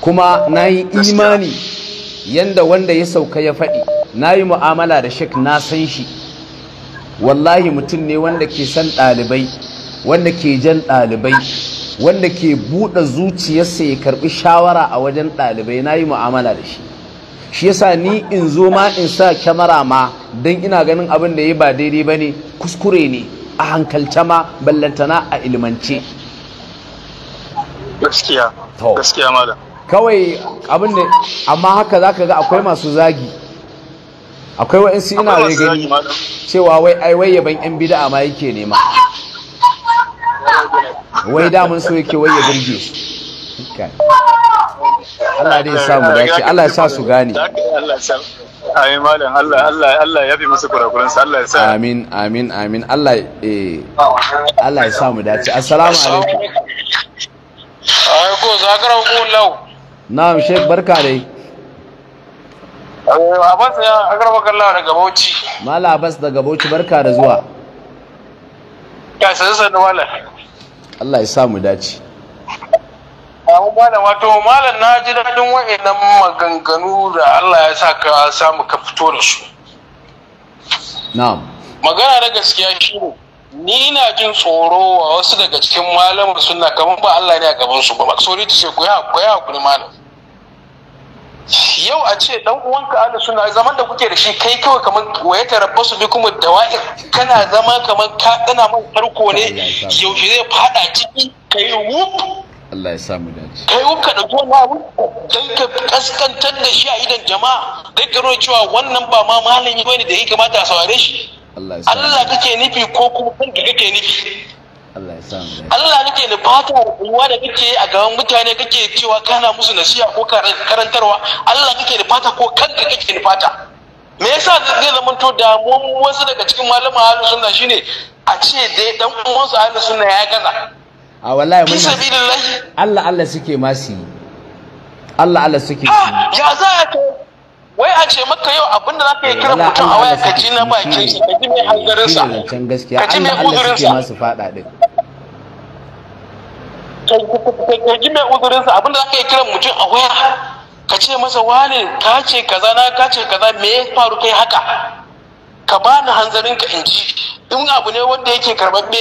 kuma na yi imani yadda wanda ya sauka ya faɗi na yi mu'amala da shek na san shi wallahi mutum ne wanda ke san ɗalibai wanda ke jan ɗalibai wanda ke buɗe zuciyarsa ya karɓi shawara a wajen ɗalibai na yi mu'amala da shi shi yasa ni in zo ma in sa kyamara ma don ina ganin abin da ya ba daidai ba ne kuskure ne a hankalce ma ballantana a ilimance gaskiya gaskiya malam kawai abin da amma haka zaka ga akwai masu zagi akwai wa'insu ina wai gani cewa wai ai wai yaban yan bid'a ma yake nema wai damun so yake wai ya burge Allah dai ya samu dace Allah ya sa su gane amin malam Allah Allah Allah ya bi musu kurakuran sa Allah ya sa amin amin amin Allah eh Allah ya samu dace assalamu alaikum ai ko zakaran ko lau na'am Sheikh barka dai eh, abbas ya agarba kallah daga bauchi Malam abbas daga bauchi barka da zuwa ka san sanin mallam. Allah ya sa mu dace Abu malam wato malam na ji daɗin wa'annan maganganu da Allah ya sa ka samu ka fito da su. Na'am. Magana da gaskiya shi ne. ni ina jin tsoro a wasu daga cikin malamar suna kamar ba Allah ne a gaban su ba sorry to say ku ya ku ya ku malam yau a ce dan uwanka Allah suna zaman da kuke da shi kai kawai kamar waye su bi kuma dawa'ir kana zama kamar ka dana man farko ne yaushe zai fada ciki kai wup Allah ya samu dace kai wup ka dauko ma wup dan ka kaskantar da shi a idan jama'a dai ka cewa wannan ba ma malami bane da ya kamata a saware shi Allah kake nufi ko kuma kanka kake nufi Allah kake da fata ruwa da kake a gaban mutane kake cewa kana musu nasiha ko karantarwa Allah kake da fata ko kanka kake da fata me yasa zai zama to damuwan wasu daga cikin malaman ahlus sunna shine a ce dai dan uwan su ahlus sunna ya gaza a wallahi mun Allah Allah suke masi su Allah Allah suke ya za ka wai a ce maka yau abinda za ka yi kira mutum a waya ka ji na bakin sa ka ji mai sa ka ji mai uzurinsa ka ji mai sa abinda za ka yi kira mutum a waya ka ce masa wane ka ce kaza na ka ce kaza me ya faru kai haka ka bani hanzarin ka in ji in abu ne wanda yake karbabbe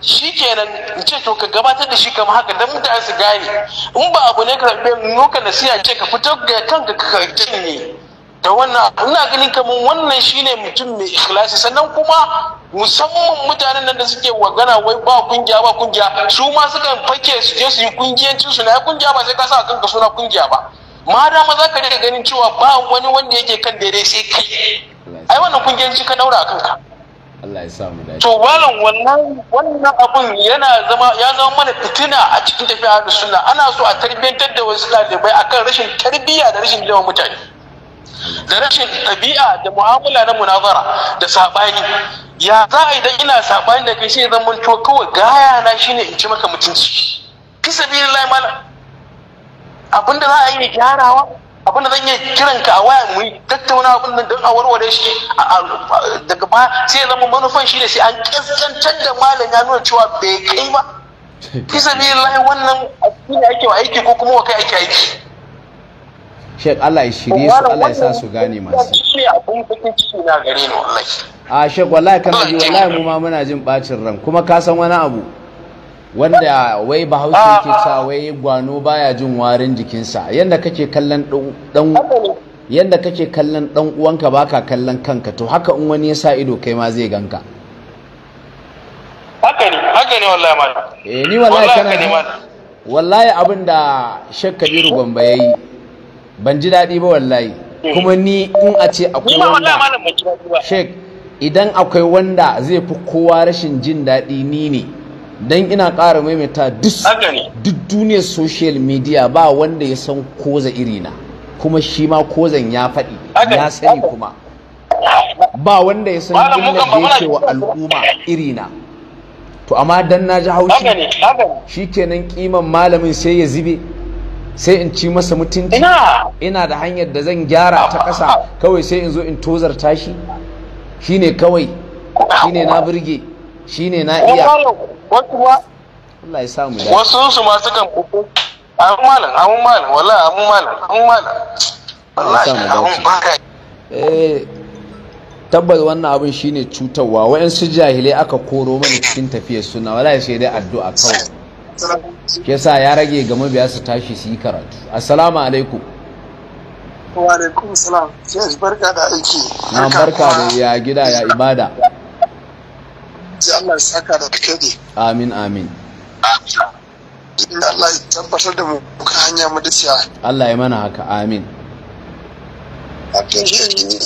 shi kenan in ce to ka gabatar da shi kamar haka don mutane su gane in ba abu ne karbabbe nuka nasiha ce ka fito ga kanka ka ne da wannan ina ganin kamar wannan shine mutum mai ikhlasi sannan kuma musamman mutanen nan da suke wagana wai ba kungiya ba kungiya su ma sukan fake su je su yi kungiyancin su na kungiya ba sai ka sa kanka suna kungiya ba ma da ma ka rika ganin cewa ba wani wanda yake kan daidai sai kai ai wannan kungiyanci ka daura a kanka Allah ya sa mu dace. To malam wannan wannan abun yana zama ya zama mana fitina a cikin tafiya da sunna ana so a tarbiyantar da wasu ɗalibai akan rashin tarbiyya da rashin yawan mutane. da rashin ɗabi'a da mu'amala na munazara da saɓani ya za a idan ina saɓani da kai sai zan to kawai gaya na shine in ci maka mutunci fi lai mana abinda za a yi gyarawa abinda zan iya kiran ka a waya mu yi tattauna abin da don a warware shi daga ba sai zama manufan shi ne sai an ƙasƙantar da malam ya nuna cewa bai kai ba fi lai wannan abin da ake wa aiki ko kuma wa kai ake aiki shek Allah ya shirye su Allah ya sa su gane masu a shek wallahi kana ji wallahi mu ma muna jin bacin ran kuma ka san wani abu wanda wai bahaushe ke sa wai gwano baya jin warin jikinsa yanda kake kallon dan yanda kake kallon dan uwanka baka kallon kanka to haka in wani ya sa ido kai ma zai ganka haka ne haka ne wallahi ma eh ni wallahi kana wallahi abinda shek Kabiru Gombe yayi ban ji daɗi ba wallahi kuma ni in a ce akwai wanda shek idan akwai wanda zai fi kowa rashin jin daɗi ni ne don ina ƙara maimaita duk duniyar social media ba wanda ya san koza irina kuma shi ma kozan ya faɗi ya sani kuma ba wanda ya san jumlar da ce wa al'umma irina to amma dan na ji haushi shi kenan kiman malamin sai ya zube sai in ci masa mutunci ina da hanyar da zan gyara ta ƙasa kawai sai in zo in tozarta shi shine kawai shine na shi shine na iya wasu su masu kan kuku an malam malam wala an malam an malam wallahi an eh tabbas wannan abin shine cutarwa su jahilai aka koro mana cikin tafiyar suna wallahi sai dai addu'a kawai ke sa ya rage ga mabiya su tashi su yi karatu assalamu alaikum wa alaikum salam barka da aiki na barka da ya gida ya ibada ji Allah ya saka da kadi amin amin Allah ya tabbatar da mu ka hanya mu dace Allah ya mana haka amin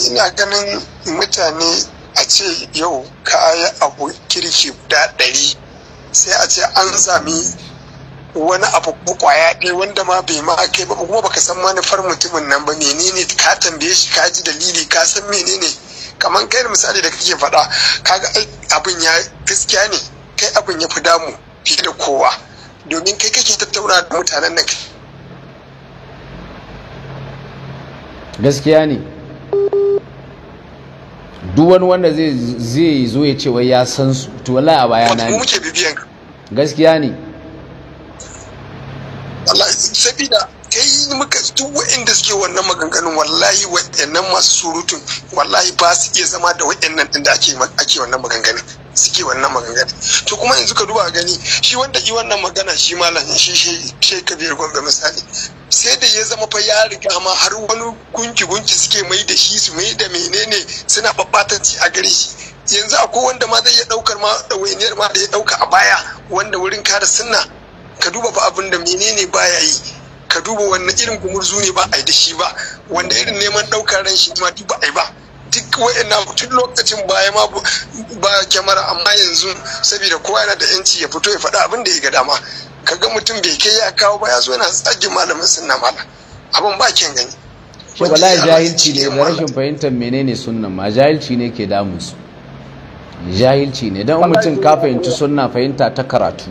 ina ganin mutane a ce yau ka ayi abu kirki guda ɗari sai a ce an sami wani abu kwaya ɗaya wanda ma bai ma kai ba kuma baka san manufar mutumin nan ba menene ka tambaye shi ka ji dalili ka san menene kamar kai da misali da kake faɗa kaga abin ya gaskiya ne kai abin ya fi damu fiye da kowa domin kai kake tattauna da mutanen nan gaskiya ne duk wani wanda zai zo ya ce wai ya san su to wallahi a baya na ne gaskiya ne wallahi sabida kai muka duk wa'anda suke wannan maganganun wallahi wa'annan masu surutun wallahi ba su iya zama da wa'annan din da ake ake wannan maganganun suke wannan maganganun to kuma yanzu ka duba gani shi wanda yi wannan magana shi malam shi shi kabir gombe misali sai da ya zama fa ya riga ma har wani gunki-gunki suke mai da shi su mai da menene suna babbatanci a gare shi yanzu akwai wanda ma zai iya daukar ma ɗawainiyar ma da ya dauka a baya wanda wurin kada sunna ka duba fa abin da menene baya yi ka duba wannan irin gumurzu ne ba a yi da shi ba wanda irin neman daukar ran shi ma duk ba yi ba duk wa'annan tun lokacin baya ma ba kyamara amma yanzu saboda kowa yana da yanci ya fito ya faɗa abin da ya ga dama kaga mutum bai kai ya kawo ba ya zo yana tsagi malamin sunna mala abin ba kin gani shi jahilci ne da rashin fahimtar menene sunna ma jahilci ne ke damun su jahilci ne dan mutum ka fahimci sunna fahimta ta karatu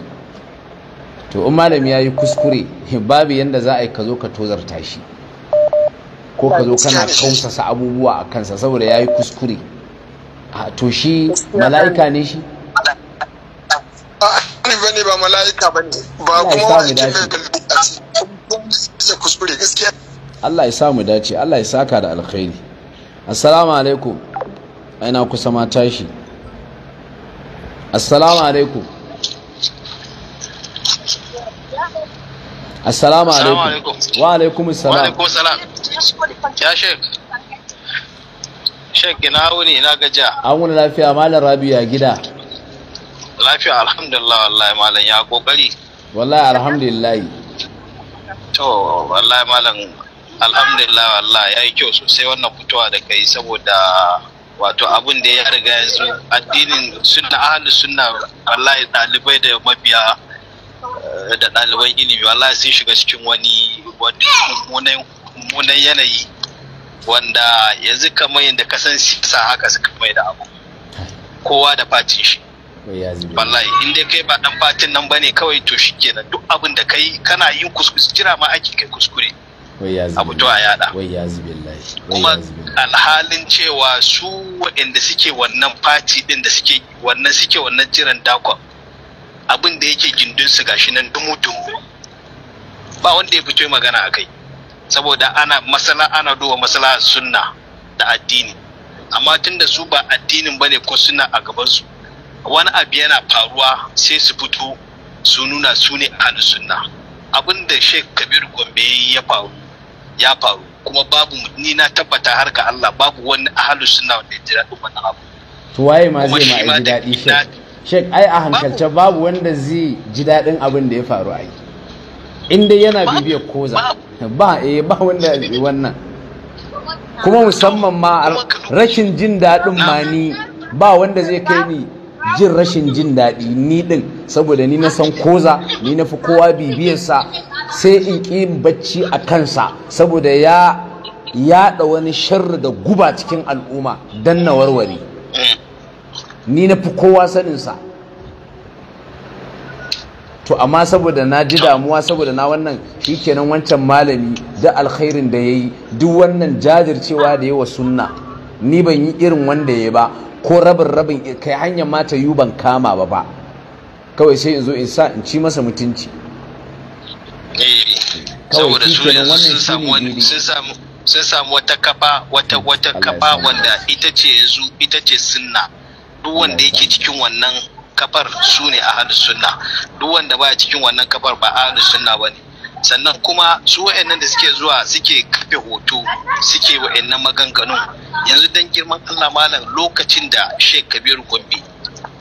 to in malami yayi kuskure babu yadda za a yi ka zo ka tozarta shi ko ka zo kana kausasa abubuwa a kansa saboda yayi kuskure to shi mala'ika ne shi ba mala'ika ba ne ba kuma wani da kuskure gaskiya Allah ya sa mu dace Allah ya saka da alkhairi assalamu alaikum ina kusa ma tashi assalamu alaikum assalamu alaikum wa alaikum assalam wa alaikum assalam ya shek shek ina wuni ina gaja an wuni lafiya malam rabiu ya gida lafiya alhamdulillah wallahi malam ya kokari wallahi alhamdulillah to wallahi malam alhamdulillah wallahi yayi kyau sosai wannan fitowa da kai saboda wato abin da ya riga yanzu addinin sunna ahlu sunna wallahi dalibai da mabiya eh, da ɗaliban ilimi wallahi sun shiga cikin wani munan yanayi wanda yanzu kamar yadda kasan san siyasa haka suka mai da abu kowa da fatin shi wallahi in dai kai ba dan fatin nan bane kawai to shikenan duk abin da kai kana yin kuskure jira ma aiki kai kuskure abu to a yada kuma alhalin cewa su waɗanda suke wannan fati din da suke wannan suke wannan jiran dakon abin da yake gindin su gashi nan dumu-dumu ba wanda ya fito magana a kai saboda ana masala ana duba masala sunna da addini amma tunda su ba addinin bane ko suna a gaban su wani abu yana faruwa sai su fito su nuna su ne sunna abin da Sheik kabir gombe ya faru ya faru kuma babu ni na tabbata har ga Allah babu wani ahalu sunna wanda ya ji daɗin wani abu to waye ma zai ma ji daɗi Sheik. ai a hankalce babu wanda zai ji daɗin abin da ya faru ai in dai yana bibiyar koza ba eh ba wanda ya wannan kuma musamman ma rashin jin daɗin ma ni ba wanda zai kai ni jin rashin jin daɗi ni ɗin saboda ni na san koza ni na fi kowa bibiyarsa sai in ƙi bacci a kansa saboda ya yaɗa wani sharri da guba cikin al'umma don na warware ni na fi kowa saninsa to amma saboda na ji damuwa saboda na wannan kenan wancan malami da alkhairin da ya yi duk wannan jajircewa da yawa sunna ni ban yi irin wanda ya ba ko rabin rabin kai hanyar mata yi ban kama ba ba kawai sai in zo in sa in ci masa mutunci saboda su sun samu wata kafa wata hmm, wata kafa wanda ita ce yanzu ita ce sunna duk wanda yake cikin wannan kafar su ne ahlus sunna duk wanda ba cikin wannan kafar ba ahlus sunna bane sannan kuma su wa'annan da suke zuwa suke kafe hoto suke wa'annan maganganun yanzu dan girman Allah malam lokacin da Sheikh Kabiru Gombe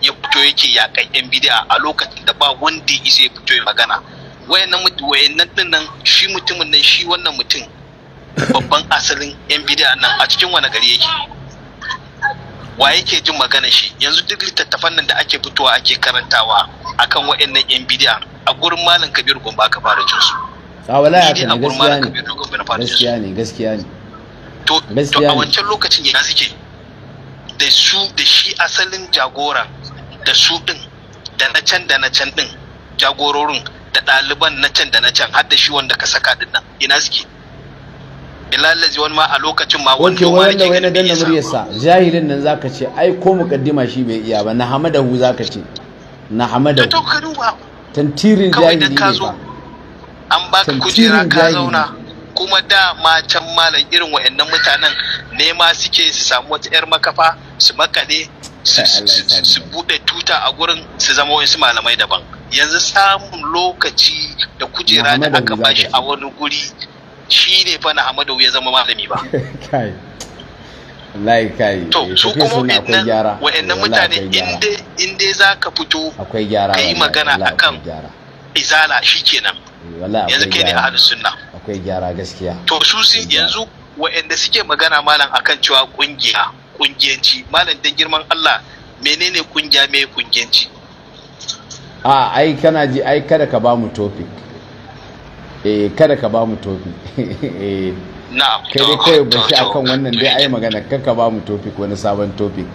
ya fito yake yakan yan bid'a a lokacin da ba wanda ya isa ya fito magana wayannan wayannan dinnan shi mutumin nan shi wannan mutum babban asalin yan bid'a nan a cikin wani gari yake wa yake jin magana shi yanzu duk littattafan nan da ake fitowa ake karantawa akan wayannan yan bidiya a gurin malam Kabiru gombe aka fara jinsu su Ah, a wala ya ne gaskiya ne gaskiya ne gaskiya ne to a wancan lokacin ya suke da su da shi asalin jagora da su din da na can da na can din jagororin da ɗaliban na can da na can har da shi wanda ka saka din nan ina suke bilalazi wani ma a lokacin ma wani ma yake da ya iya muryarsa jahilin nan zaka ce ai ko mukaddima shi bai iya ba na hamadahu zaka ce na hamadahu tantirin jahili ne ba an baka kujera ka zauna kuma da ma malam irin wa'annan mutanen nema suke su samu wata 'yar makafa su makale su bude tuta a gurin su zama wasu malamai daban yanzu samun lokaci da kujera da aka bashi a wani guri shi ne fa na amadu ya zama malami ba Lai kai, to eh, su kuma wa'annan mutane inda za ka fito ka yi magana akan izala shi kenan yanzu kai ne hannun sunna akwai gyara gaskiya to su yanzu waɗanda suke magana malam akan cewa kungiya kungiyanci malam da girman Allah menene kungiya me kungiyanci a ai kana ji ai kada ka ba mu topic eh kada ka ba mu topic eh na kai kai bashi akan wannan dai ai magana kar ka ba mu topic wani sabon topic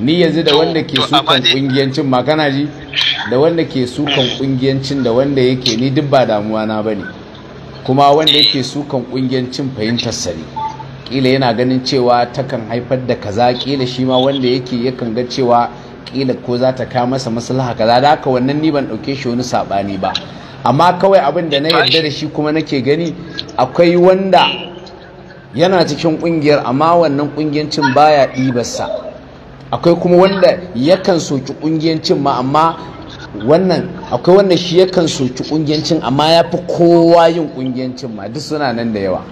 ni yanzu da wanda ke sukan kungiyancin ma kana ji da wanda ke sukan kungiyancin da wanda yake ni duk ba damuwa na bane kuma wanda yake sukan kungiyancin fahimtar sani kila yana ganin cewa takan haifar da kaza kila shi ma wanda yake yakan ga cewa kila ko za ta kawo masa maslaha kaza da haka wannan ni ban dauke shi wani sabani ba amma kawai abin da na yarda da shi kuma nake gani akwai wanda yana cikin kungiyar amma wannan kungiyancin baya ɗibarsa akwai kuma wanda yakan soki kungiyancin ma amma wannan akwai wanda shi yakan soki kungiyancin amma ya fi kowa yin kungiyancin ma duk suna nan da yawa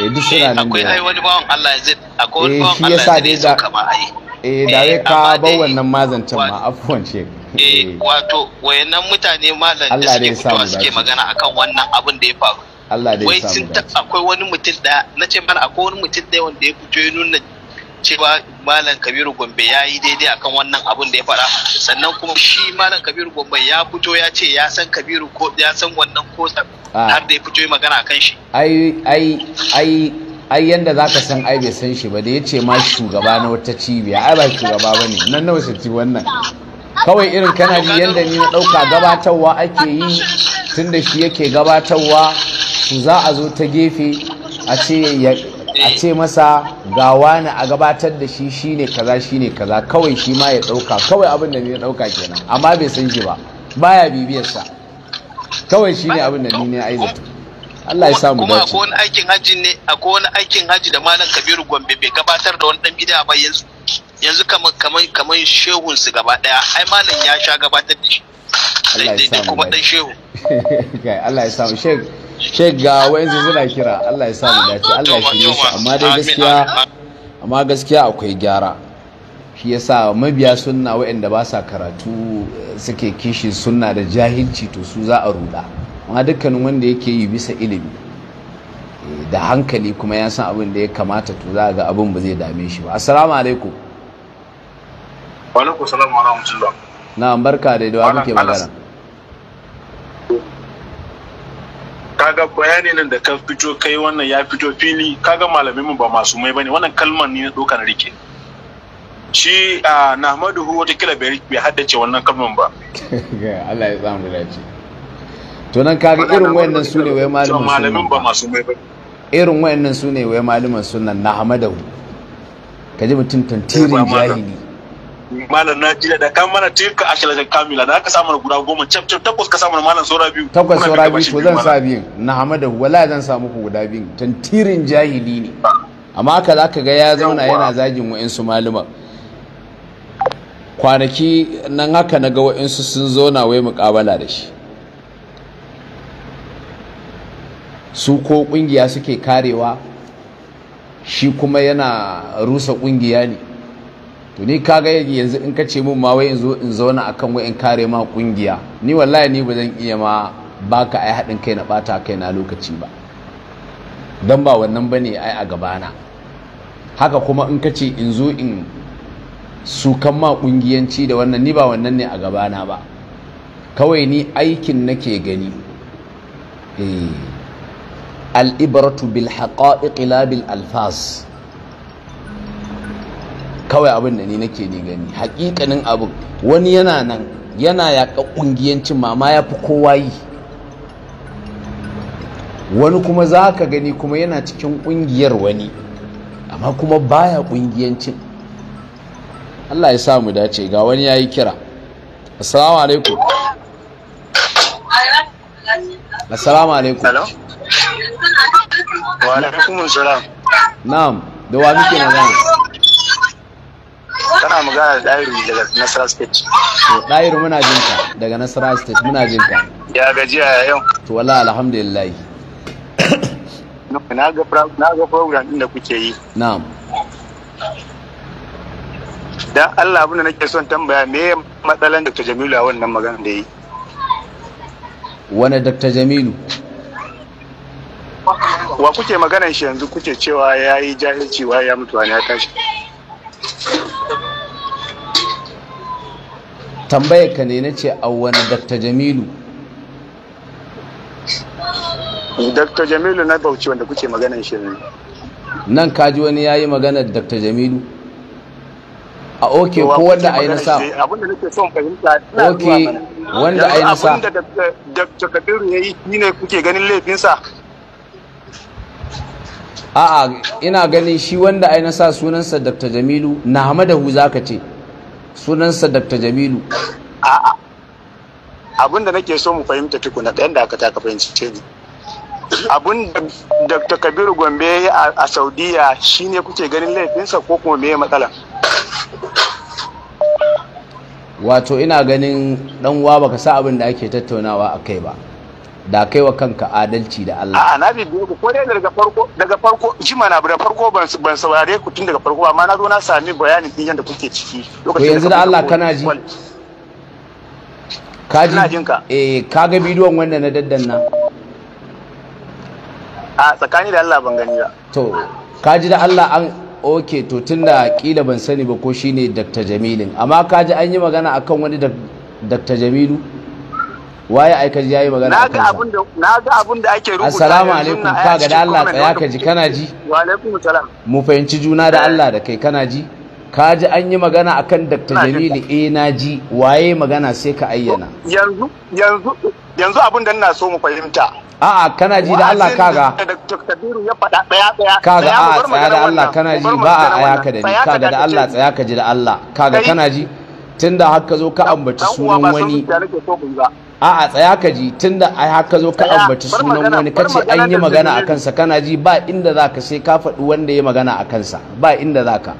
eh duk suna nan da yawa akwai wani bawan Allah yanzu akwai wani eh, bawan Allah yanzu da ya ma ai eh da zai ka eh, ba wannan mazancin ma afwan ce eh, eh wato wayannan mutane malam da suke fitowa suke magana akan wannan abin da ya faru Allah dai ya akwai wani mutum da na ce mana akwai wani mutum da wanda ya fito ya nuna cewa malam kabiru gombe ya yi daidai akan wannan abun da ya fara sannan kuma shi malam kabiru gombe ya fito ya ce ya san kabiru ko ya san wannan ko ah. har da ya fito magana akan shi ai ai ai ai yanda za ka san ai bai san shi ba da ya ce ma shugaba na wata cibiya ai ba shugaba ba ne nan nawa shi wannan kawai irin kana ji yanda ni na ɗauka gabatarwa ake yi tunda shi yake gabatarwa su za a zo ta gefe a ce a ce masa ga wani a gabatar da shi shine kaza shine kaza kawai shi ma ya dauka kawai abin da ni ya dauka kenan amma bai san shi ba baya bibiyar sa kawai shine abin da ni ne aizatu Allah ya samu dace kuma akwai aikin haji ne akwai wani aikin haji da malam Kabiru Gombe bai gabatar da wani dan bid'a ba yanzu yanzu kaman kaman kaman shehun su gaba daya ai malam ya sha gabatar da shi Allah ya samu kuma dan shehu Allah ya samu shehu shek ga wayansu suna kira Allah ya samu dace Allah ya shirye su amma dai gaskiya amma gaskiya akwai gyara shi yasa mabiya sunna wayanda ba sa karatu eh, suke kishi sunna da jahilci to su za a ruda amma dukkanin wanda yake yi bisa ilimi eh, da hankali kuma ya san abin da ya kamata to za ga abin ba zai dame shi ba assalamu alaikum wa alaikum salam wa rahmatullah na barka da dawa muke magana kaga bayani nan da ka fito kai wannan ya fito fili kaga malamin mu ba masu mai bane wannan kalmar ni na na rike shi a Nahmadu hu wata kila bai haddace wannan kalmar ba Allah ya samu lafi to nan kaga irin wayannan sune wai malamin ba masu mai bane irin wayannan sune wai malamin sunan Nahmadu kaji mutum tantiri jahili malam na ji da kan mana a ashiratan kamila da aka samu na guda goma cap cap takwas ka samu malam saura biyu takwas saura biyu to zan sa biyu na hamada wala zan samu ku guda biyu tantirin jahili ne amma haka za ka ga ya zauna yana zagin wa'insu maluma kwanaki nan haka na ga wa'insu sun zo na wai mukabala da shi su ko ƙungiya suke karewa shi kuma yana rusa ƙungiya ne to ni kaga yanzu in ka ce mun ma wai in in zauna a kan in kare ma kungiya ni wallahi ni ba zan iya ma baka ai haɗin kai na bata kai na lokaci ba dan ba wannan bane ai a gabana haka kuma in ka ce in zo in sukan ma kungiyanci da wannan ni ba wannan ne a gabana ba kawai ni aikin nake gani eh, Al-Ibratu bil haqa'iq la bil alfaz kawai abin da ni nake ne gani hakikanin abin wani yana nan yana yaƙa ƙungiyancin mama ya fi kowa yi wani kuma za ka gani kuma yana cikin ƙungiyar wani amma kuma baya ƙungiyancin Allah ya samu dace ga wani ya yi kira assalamu alaikum assalamu alaikum wa alaikum salam na'am da wa muke magana kana magana da dairu daga nasara state to dairu muna jin ka daga nasara state muna jin ka ya gajiya ya yau to wala alhamdulillah na ga na ga program din da kuke yi na'am dan Allah abin da nake son tambaya me matsalan Dr. Jamilu a wannan magana da yi wani Dr. Jamilu wa kuke magana shi yanzu kuke cewa ya yi jahilci wa ya mutuwa ne ya tashi tambayar ka ne na ce a wani Dr. Jamilu Dr. Jamilu na Bauchi wanda kuke maganan shi ne nan kaji wani ya yi maganar Dr. Jamilu a oke ko wanda a yi nasa abinda nake son fahimta zuwa mana wanda a yi nasa abinda Dr. Kabiru ya yi ne kuke ganin laifinsa a'a ina ganin shi wanda a yi nasa sunansa Dr. Jamilu na Hamadahu ka ce sunansa dr jamilu a'a abin da nake so mu fahimta tukuna ɗayan da aka taka fahimci ni abin da dr kabiru gombe a saudiya shine kuke ganin laifinsa ko kuma me matsala wato ina ganin ɗan uwa baka sa abin da ake tattaunawa a kai ba da kai wa kanka adalci da Allah a'a na bi ku ko dai daga farko daga farko jima na da farko ban ban saurare ku tun daga farko amma na zo na sami bayanin din yanda kuke ciki lokacin yanzu da Allah kana ji ka ji eh ka ga bidiyon wannan na daddanna a tsakani da Allah ban gani ba to ka ji da Allah an ok to tunda kila ban sani ba ko shine Dr. Jamilin amma ka ji an yi magana akan wani Dr. Jamilu waye ai kaji yayi magana naga ga abin da naga abin da ake rubuta assalamu alaikum ka ga da Allah tsaya ka ji kana ji wa alaikum salam mu fahimci juna da eh. Allah da kai kana ji ka ji an yi magana akan Dr. Jamilu eh na ji waye magana sai ka ayyana yanzu yanzu yanzu abin da ina so mu fahimta a'a kana ji da Allah kaga Dr. Kabiru ya faɗa daya daya kaga a tsaya da Allah kana ji ba a ayaka da ni kaga da Allah tsaya ka ji da Allah kaga kana ji tunda haka zo ka ambaci sunan wani a'a tsaya ka ji tunda ai haka zo ka ambaci sunan wani kace an yi magana a kansa kana ji ba inda za ka sai ka faɗi wanda ya magana a kansa ba inda za ka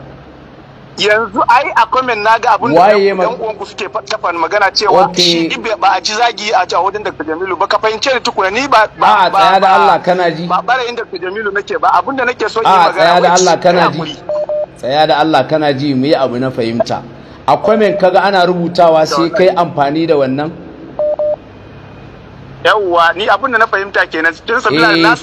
yanzu ai a komen na ga abin da yan uwanku suke tafan magana cewa shi ibe ba a ci zagi a a wajen Dr. Jamilu ba ka fahimce ni tukuna ni ba ba a tsaya da Allah kana ji ba bare inda Dr. Jamilu nake ba abin da nake so in magana a tsaya da Allah kana ji tsaya da Allah kana ji mu yi abu na fahimta a komen kaga ana rubutawa sai kai amfani da wannan yawwa ni tsaya tsaya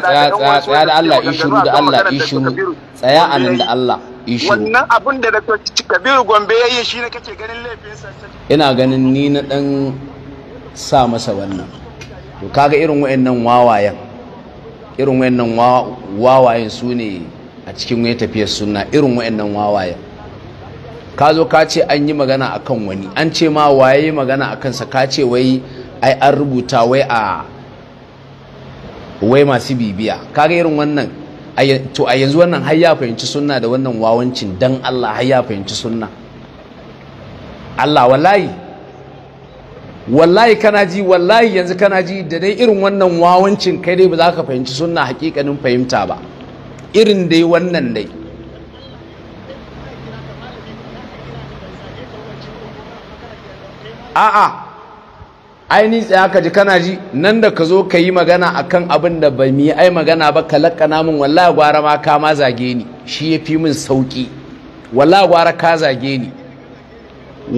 tsaya da Allah ishuru da Allah ishuru tsaya anan da Allah Kabiru Gombe ya shi ne ganin laifinsa ina ganin ni na dan sa masa wannan to kaga irin wayannan wawayen irin wawayen su ne a cikin wani tafiyar sunna irin wayannan wawayen ka zo ka ce an yi magana a kan wani an ce ma waye magana a kansa ka ce wai ai an rubuta wai a wai masu bibiya Ka ga irin wannan to a yanzu wannan har ya fahimci sunna da wannan wawancin dan Allah har ya fahimci sunna Allah wallahi wallahi kana ji wallahi yanzu kana ji da dai irin wannan wawancin kai dai ba za ka fahimci sunna hakikanin fahimta ba irin dai wannan dai a'a aini tsaya ka ji kana ji nan da ka zo ka yi magana a kan abin da ba mi ai magana ba ka lakkana min wallahi gwara ma ka ma zage ni shi ya fi min sauki wallahi gwara ka zage ni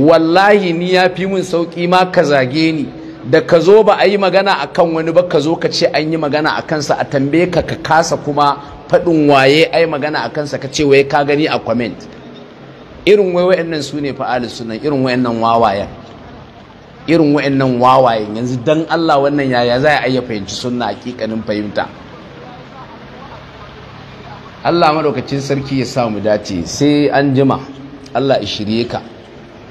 wallahi ni ya fi min sauki ma ka zage ni da ka zo ba a yi magana a kan wani ba ka zo ka ce an yi magana a kansa a tambaye ka ka kasa kuma faɗin waye ai magana a kansa ka ce waye ka gani a comment irin wai wa'annan su ne fa'ali sunan irin wa'annan wawayen irin wa'annan wawayen yanzu dan Allah wannan yaya za a iya fahimci sunna hakikanin fahimta Allah madaukacin sarki ya sa mu dace sai an jima Allah shirye ka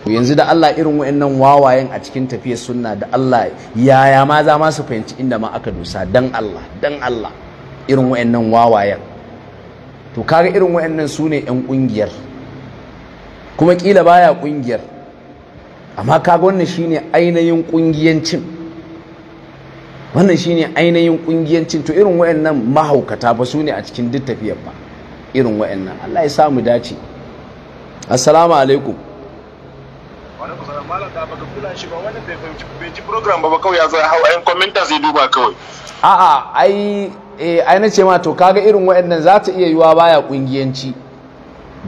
yanzu da Allah irin wa'annan wawayen a cikin tafiyar sunna da Allah yaya ma za ma su fahimci inda ma aka dosa dan Allah dan Allah irin wa'annan wawayen to kaga irin wa'annan su ne 'yan ƙungiyar kuma ƙila baya ƙungiyar amma kaga wannan shine ainihin kungiyancin wannan shine ainihin kungiyancin to irin wayannan mahaukata ba su ne a cikin duk tafiyar ba irin wayannan Allah ya samu dace assalamu alaikum a'a ai eh, ai na ce ma to kaga irin wayannan za ta iya yiwa baya kungiyanci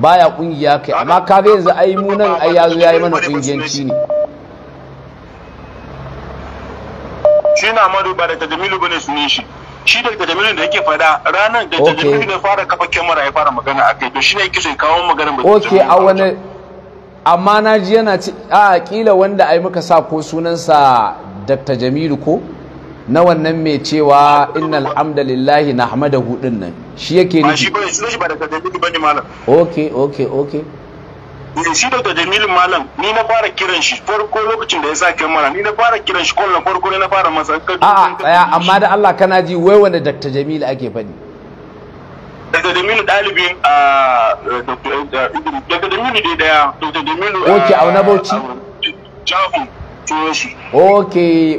baya kungiya kai amma ka ga yanzu ai mu nan ai yazo yayi mana kungiyanci ne shi na madu ba da Jamilu bane ne shi shi da Jamilu da yake fada ranar da Jamilu ne fara kafa kyamara ya fara magana akai to shi ne yake so ya kawo magana ba okay a wani amma na ji yana ci a kila wanda ai muka sa ko sunansa Dr. Jamilu ko na wannan mai cewa innal hamdalillahi hamada hudun nan shi yake ni shi ba da tajamil bane malam okay okay okay eh, shi da tajamil malam ni na fara kiran shi farko lokacin da ya sa kamera ni na fara kiran shi kullun farko ne na fara masa a'a a amma da Allah kana ji wai wanda Dr. Jamil ake fani daga Jamilu dalibin a Dr. Jamilu dai daya Dr. Jamilu Okay, a wani bauchi? Ok, shi ok,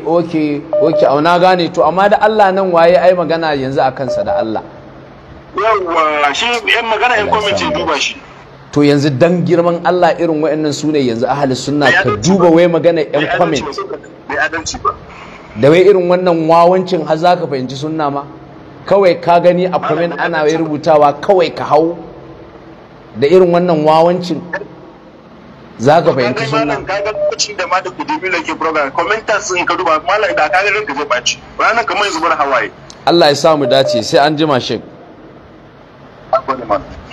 okay okay na gane to amma da Allah nan waye ai magana yanzu a kansa da Allah yawa shi yan magana yan kwamitin duba shi to yanzu dan girman Allah irin wa'annan su ne yanzu ahli suna ka duba wai magana yan comment da wai irin wannan wawancin har za ka fahimci sunna ma kawai ka gani a comment ana rubutawa kawai ka hau da irin wannan wawancin za ka fahimci suna ka ga lokacin da malam kudimi da ke program commenters sun ka duba malam da ka ga ranka zai baci ranar kamar zubar hawaye Allah ya sa mu dace sai an jima shek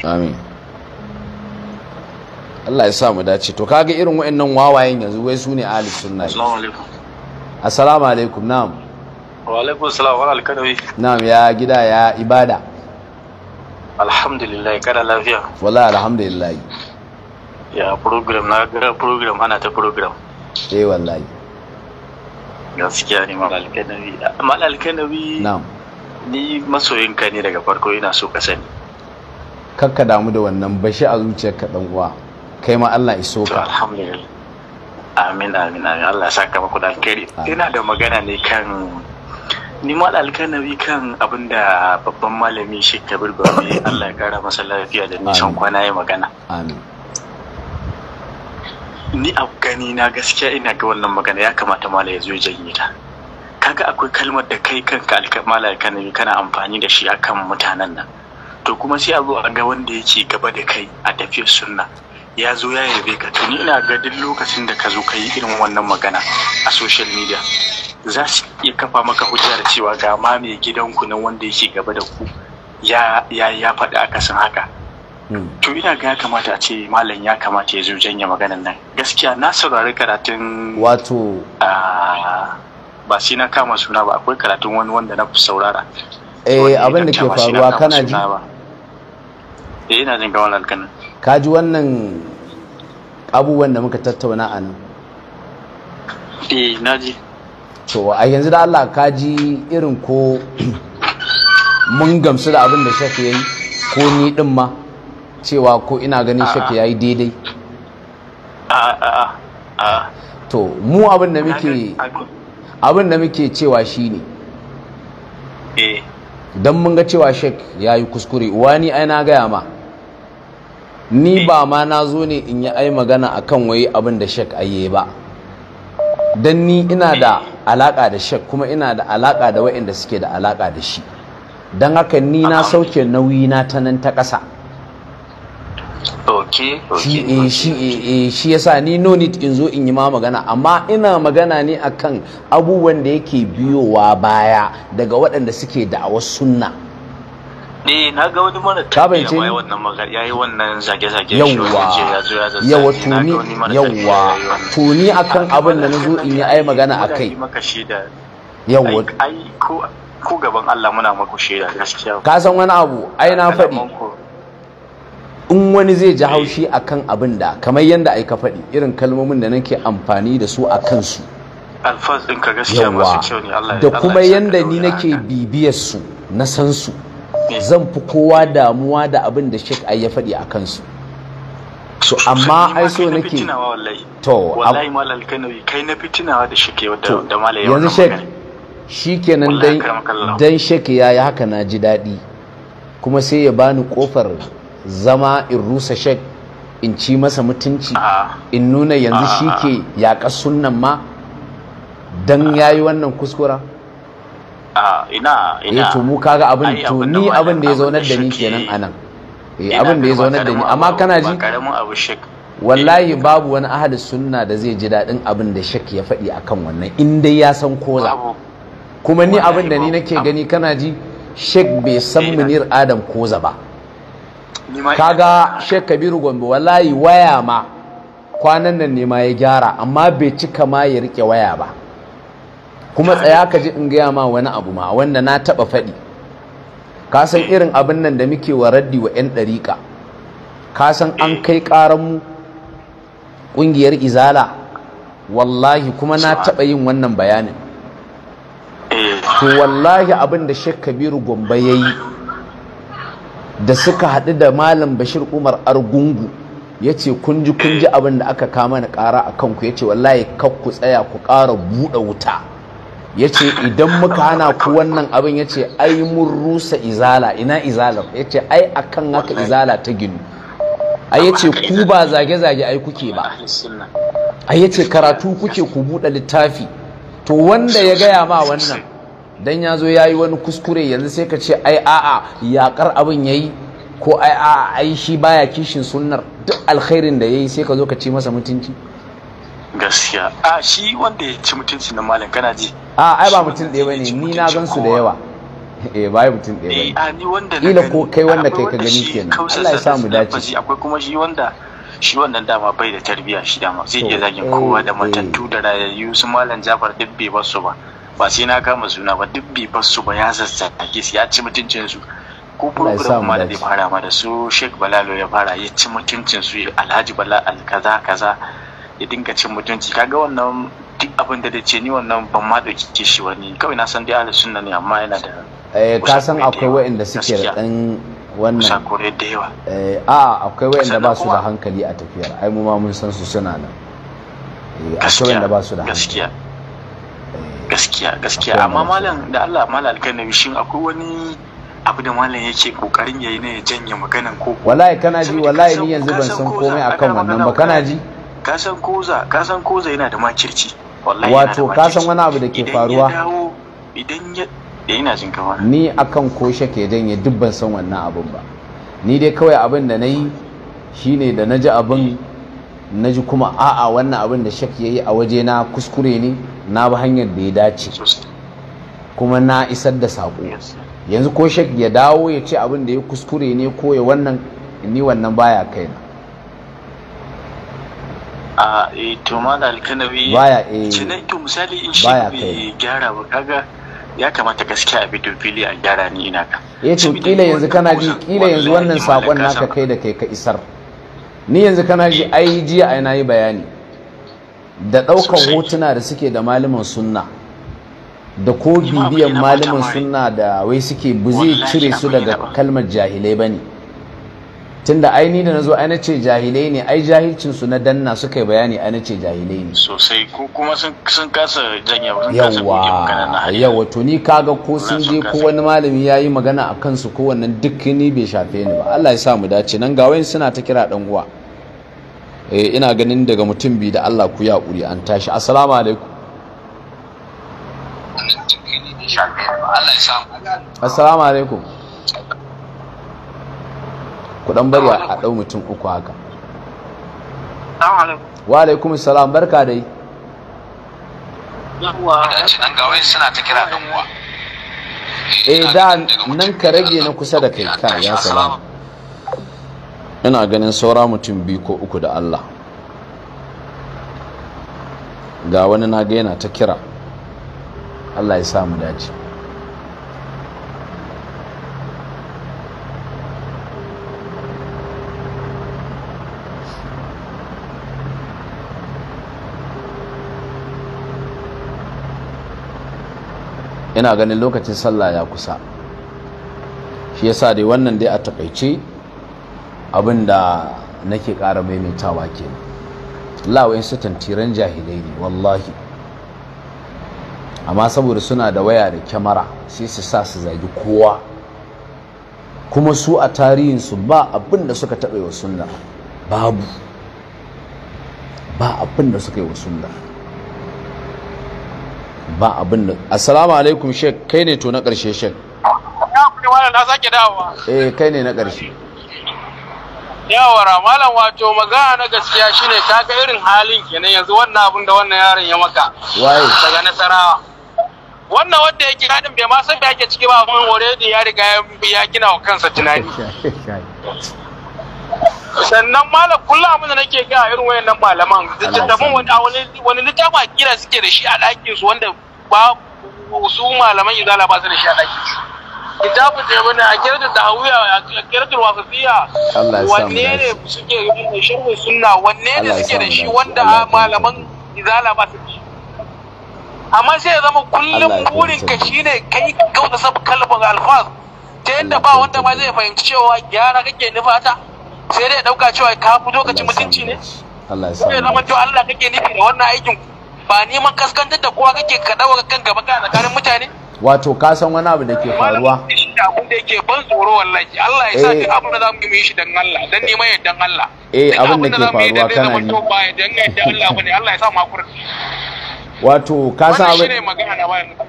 amin Allah ya sa mu dace to kaga irin waɗannan wawayen yanzu wai su ne ahli sunna assalamu alaikum assalamu alaikum na'am wa alaikum assalam wal alkanawi na'am ya gida ya ibada alhamdulillah kada lafiya wallahi alhamdulillah ya program na gara program ana ta program eh wallahi gaskiya ne mal alkanawi mal alkanawi na'am ni masoyin ka ne daga farko ina so ka sani kakka damu da wannan bashi a ka dan uwa kai ma Allah iso ka alhamdulillah amin amin amin Allah saka maku da alkhairi ina da magana ne kan ni ma alkanawi kan abinda babban malami shi kabir gwamnati Allah ya kara masa lafiya da nisan kwana ya magana amin ni a gani na gaskiya ina ga wannan magana ya kamata mala ya zo ya janye ta kaga akwai kalmar da kai kanka mala alkanami kana amfani da shi akan mutanen nan to kuma sai a zo a ga wanda yake gaba da kai a tafiyar sunna ya zo ya yabe ka to ni ina ga duk lokacin da ka zo ka yi irin wannan magana a social media za su iya kafa maka hujja da cewa ga ma mai gidanku nan wanda yake gaba da ku ya ya faɗi kasan haka to ina ga ya kamata a ce malam ya kamata ya zo janye maganan nan gaskiya na saurari karatun wato ba sai na kama suna ba akwai karatun wani wanda na saurara eh abin da ke faruwa kana ji eh ina jin ga wannan kanin ka ji wannan abubuwan da muka tattauna a nan eh na ji to a yanzu da Allah ka ji irin ko mun gamsu da abin da shafi yayi ko ni din ma cewa ko ina ganin ya yi daidai to mu abin da muke cewa shi ne. Eh. Don mun ga cewa shek ya yi kuskure wani ai na gaya ma ni eh. ba ma na zo ne in yi ai magana akan wai abin da shek aye ba Don ni ina da eh. alaka da shek kuma ina da alaka da waɗanda suke da alaka da shi Don haka ni na sauke nauyi na ta nan ta ƙasa okay shi eh, eh, eh, shi yasa ni no need in zo in yi ma magana amma ina magana ne akan abubuwan da yake biyowa baya daga waɗanda suke da'awar sunna eh na ga wani mana tabbata ya yi wannan magana yayi wannan zage-zage shi ya zo ya yawa tuni yawa tuni akan abin da zo in yi ai magana akai yawa ai ko gaban Allah muna maku shaida gaskiya ka san wani abu ai na faɗi in wani zai ji eh. haushi a kan abin da kamar yadda aika ka faɗi irin kalmomin da nake amfani da su a kansu yawa da kuma yadda ni nake bibiyar su na san su eh. zan fi kowa damuwa da abin da shek ai ya faɗi a kansu so amma ai so nake to wallahi malal kanawi kai na fitinawa da shike da malai yanzu shek shikenan dan dan Sheikh yayi haka na ji daɗi kuma sai ya bani kofar zama in rusa shek in ci masa mutunci in nuna yanzu shi ke yaƙa sunan ma don ya yi wannan kuskura ina ina eh, to mu kaga abin to ni abin da ya zaunar da ni kenan anan eh abin da ya zaunar da ni amma kana ji wallahi eh. babu wani ahli sunna da zai ji daɗin abin da shek ya faɗi akan wannan in dai ya san koza kuma ni abin da ni nake gani kana ji shek bai san munir adam koza ba kaga shek Kabiru Gombe wallahi waya ma kwanan nan ne ma ya gyara amma bai cika ma ya rike waya ba kuma tsaya ka ji in gaya ma wani abu ma wanda na taba faɗi ka san irin abin nan da muke wa raddi wa 'yan ɗariƙa ka san an kai mu ƙungiyar izala wallahi kuma na taba yin wannan bayanin eh. to wallahi abin da shek kabiru gombe ya yi da suka haɗu da malam bashir umar argungu ya ce kunji kunji abin da aka kama na ƙara a kanku ya ce wallahi kakku tsaya ku ƙara buɗe wuta ya ce idan muka hana ku wannan abin ya ce ai mun rusa izala ina izala ya ce ai akan haka izala ta ginu ai ya ce ku ba zage-zage ai kuke ba ai ya ce karatu kuke ku buɗe littafi to wanda ya gaya ma wannan dan ya zo ya yi wani kuskure yanzu sai ka ce ai a'a yaƙar abin ya yi ko ai a'a ai shi baya kishin sunnar duk alkhairin da ya yi sai ka zo ka ci masa mutunci gaskiya a shi wanda ya ci mutunci na malam kana ji a ai ba mutum ɗaya bane ni na gan su da yawa eh ba mutum ɗaya eh, bane Ila ko kai wanda kai ka gani kenan Allah ya sa mu dace akwai kuma shi wanda shi wannan dama bai da tarbiyya shi dama zai iya zagin kowa da eh, matattu da rayayyu su malam Jafar duk bai su ba ba sai na kama suna ba duk bai bar su ba ya zazzage su ya ci mutuncin su ko program ma da zai fara ma da su Sheikh Balalo ya fara ya ci mutuncin su Alhaji Bala alkaza kaza ya dinga cin mutunci kaga wannan duk abin da ce ni wannan ban ma da kike shi wani kawai na san dai ahlus sunna ne amma yana da eh ka san akwai waɗanda suke da dan wannan sakure da yawa eh a akwai waɗanda ba su da hankali a tafiyar ai mu ma mun san su suna nan eh akwai waɗanda ba su da hankali gaskiya gaskiya amma malam da Allah malam alkanabi shin akwai wani abu da malam yake kokarin yayi ne ya janye maganan ko wallahi kana ji wallahi ni yanzu ban san komai akan wannan ba kana ji ka san koza ka san koza yana da makirci wallahi wato ka san wani abu da ke faruwa idan ya eh, ina jin kawa ni akan koshe ke janye duk ban san wannan abun ba ni dai kawai abin da nayi shine da naji abin na ji kuma a'a wannan abin da shek ya yi a waje na kuskure ne na bi hanyar da ya dace kuma na isar da saƙo yanzu ko shek ya dawo ya ce abin da ya kuskure ne ko ya wannan ni wannan baya kai na a eh, to baya eh misali in gyara ba kaga ya kamata gaskiya a bidon fili a gyara ni ina ka eh to kila yanzu kana ji kila yanzu wannan sakon naka kai da kai ka isar ni yanzu kana ji ai jiya ai nayi bayani da ɗaukan hotuna da suke da malamin sunna da ko bibiyan malamin sunna da wai suke bu cire su daga kalmar jahilai ba ne tunda da aini da zo aina ce jahilai ne ai jahilcin su na danna suka yi bayani aina ce jahilai ne sosai ko kuma sun kasa janya sun kasa buge magana na yawa to ni kaga ko sun je ko wani malami ya yi magana a kansu ko wannan duk ni bai shafe ni ba Allah ya sa mu dace nan ga wayan suna ta kira dan uwa Eh, ina ganin daga mutum bi da Allah ku ya ƙuri an tashi assalamu alaikum assalamu alaikum ku dan bari a ɗau mutum uku haka wa alaikum salam barka dai eh da nan ka rage na kusa da kai ka ya salama ina ganin saura mutum biyu ko uku da Allah ga wani na yana ta kira Allah ya samu dace ina ganin lokacin sallah ya kusa shi yasa dai wannan dai a takaice abin da nake ƙara maimaitawa ne. lawayin su tantiran jahilai ne wallahi amma saboda suna da waya da kyamara sai su sa su zagi kowa kuma su a tarihinsu ba abin da suka taɓa wa sunna babu ba abin da suka yi wa sunna ba abin da assalamu alaikum shek kai ne to na ƙarshe shek eh kai ne na ƙarshe yawara malam wato magana na gaskiya shine kaga irin halin kenan yanzu wannan abin da wannan yaron ya maka daga nasarawa wannan wanda yake gadin bai ma san ake ciki ba mun already ya riga ya gina wa kansa tunani sannan malam kullum abin da nake ga irin wayannan malaman mun wani wani littafin kira suke da shi a ɗakin su wanda ba su malaman izala ba su da shi a ɗakin su kitabu da mana a kirkir da hawiya a kirkir wasafiya wanne ne suke yin sharhi sunna wanne ne suke da shi wanda malaman izala ba su ci amma sai ya zama kullum burin ka shine kai kauta sab kalmar alfaz ta yadda ba wanda ma zai fahimci cewa gyara kake nufata sai dai dauka cewa ka fito lokacin mutunci ne Allah ya sa. Sai zama to Allah kake nufi da wannan aikin ku. ba neman kaskantar da kowa kake ka dawo kan gaba ga tsakanin mutane wato ka san wani abu da ke faruwa abin da yake ban tsoro wallahi Allah ya sa eh. duk da zamu yi shi dan Allah dan neman yardan Allah eh da ke faruwa kana ne ba yardan Allah bane Allah ya sa mu hakuri wato ka san abin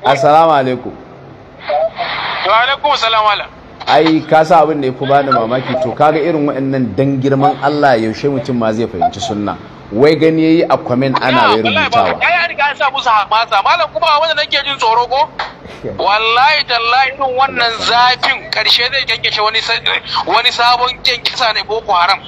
assalamu alaikum wa alaikum assalam ai ka sa abin da ya bani mamaki to kaga irin waɗannan dan girman Allah yaushe mutum ma zai fahimci sunna wai gani yayi a comment ana wai rubutawa ai an riga an sa musu hamasa malam kuma wanda nake jin tsoro ko wallahi tallahi din wannan zafin karshe zai kyankyashe wani wani sabon kyankyasa ne boko haram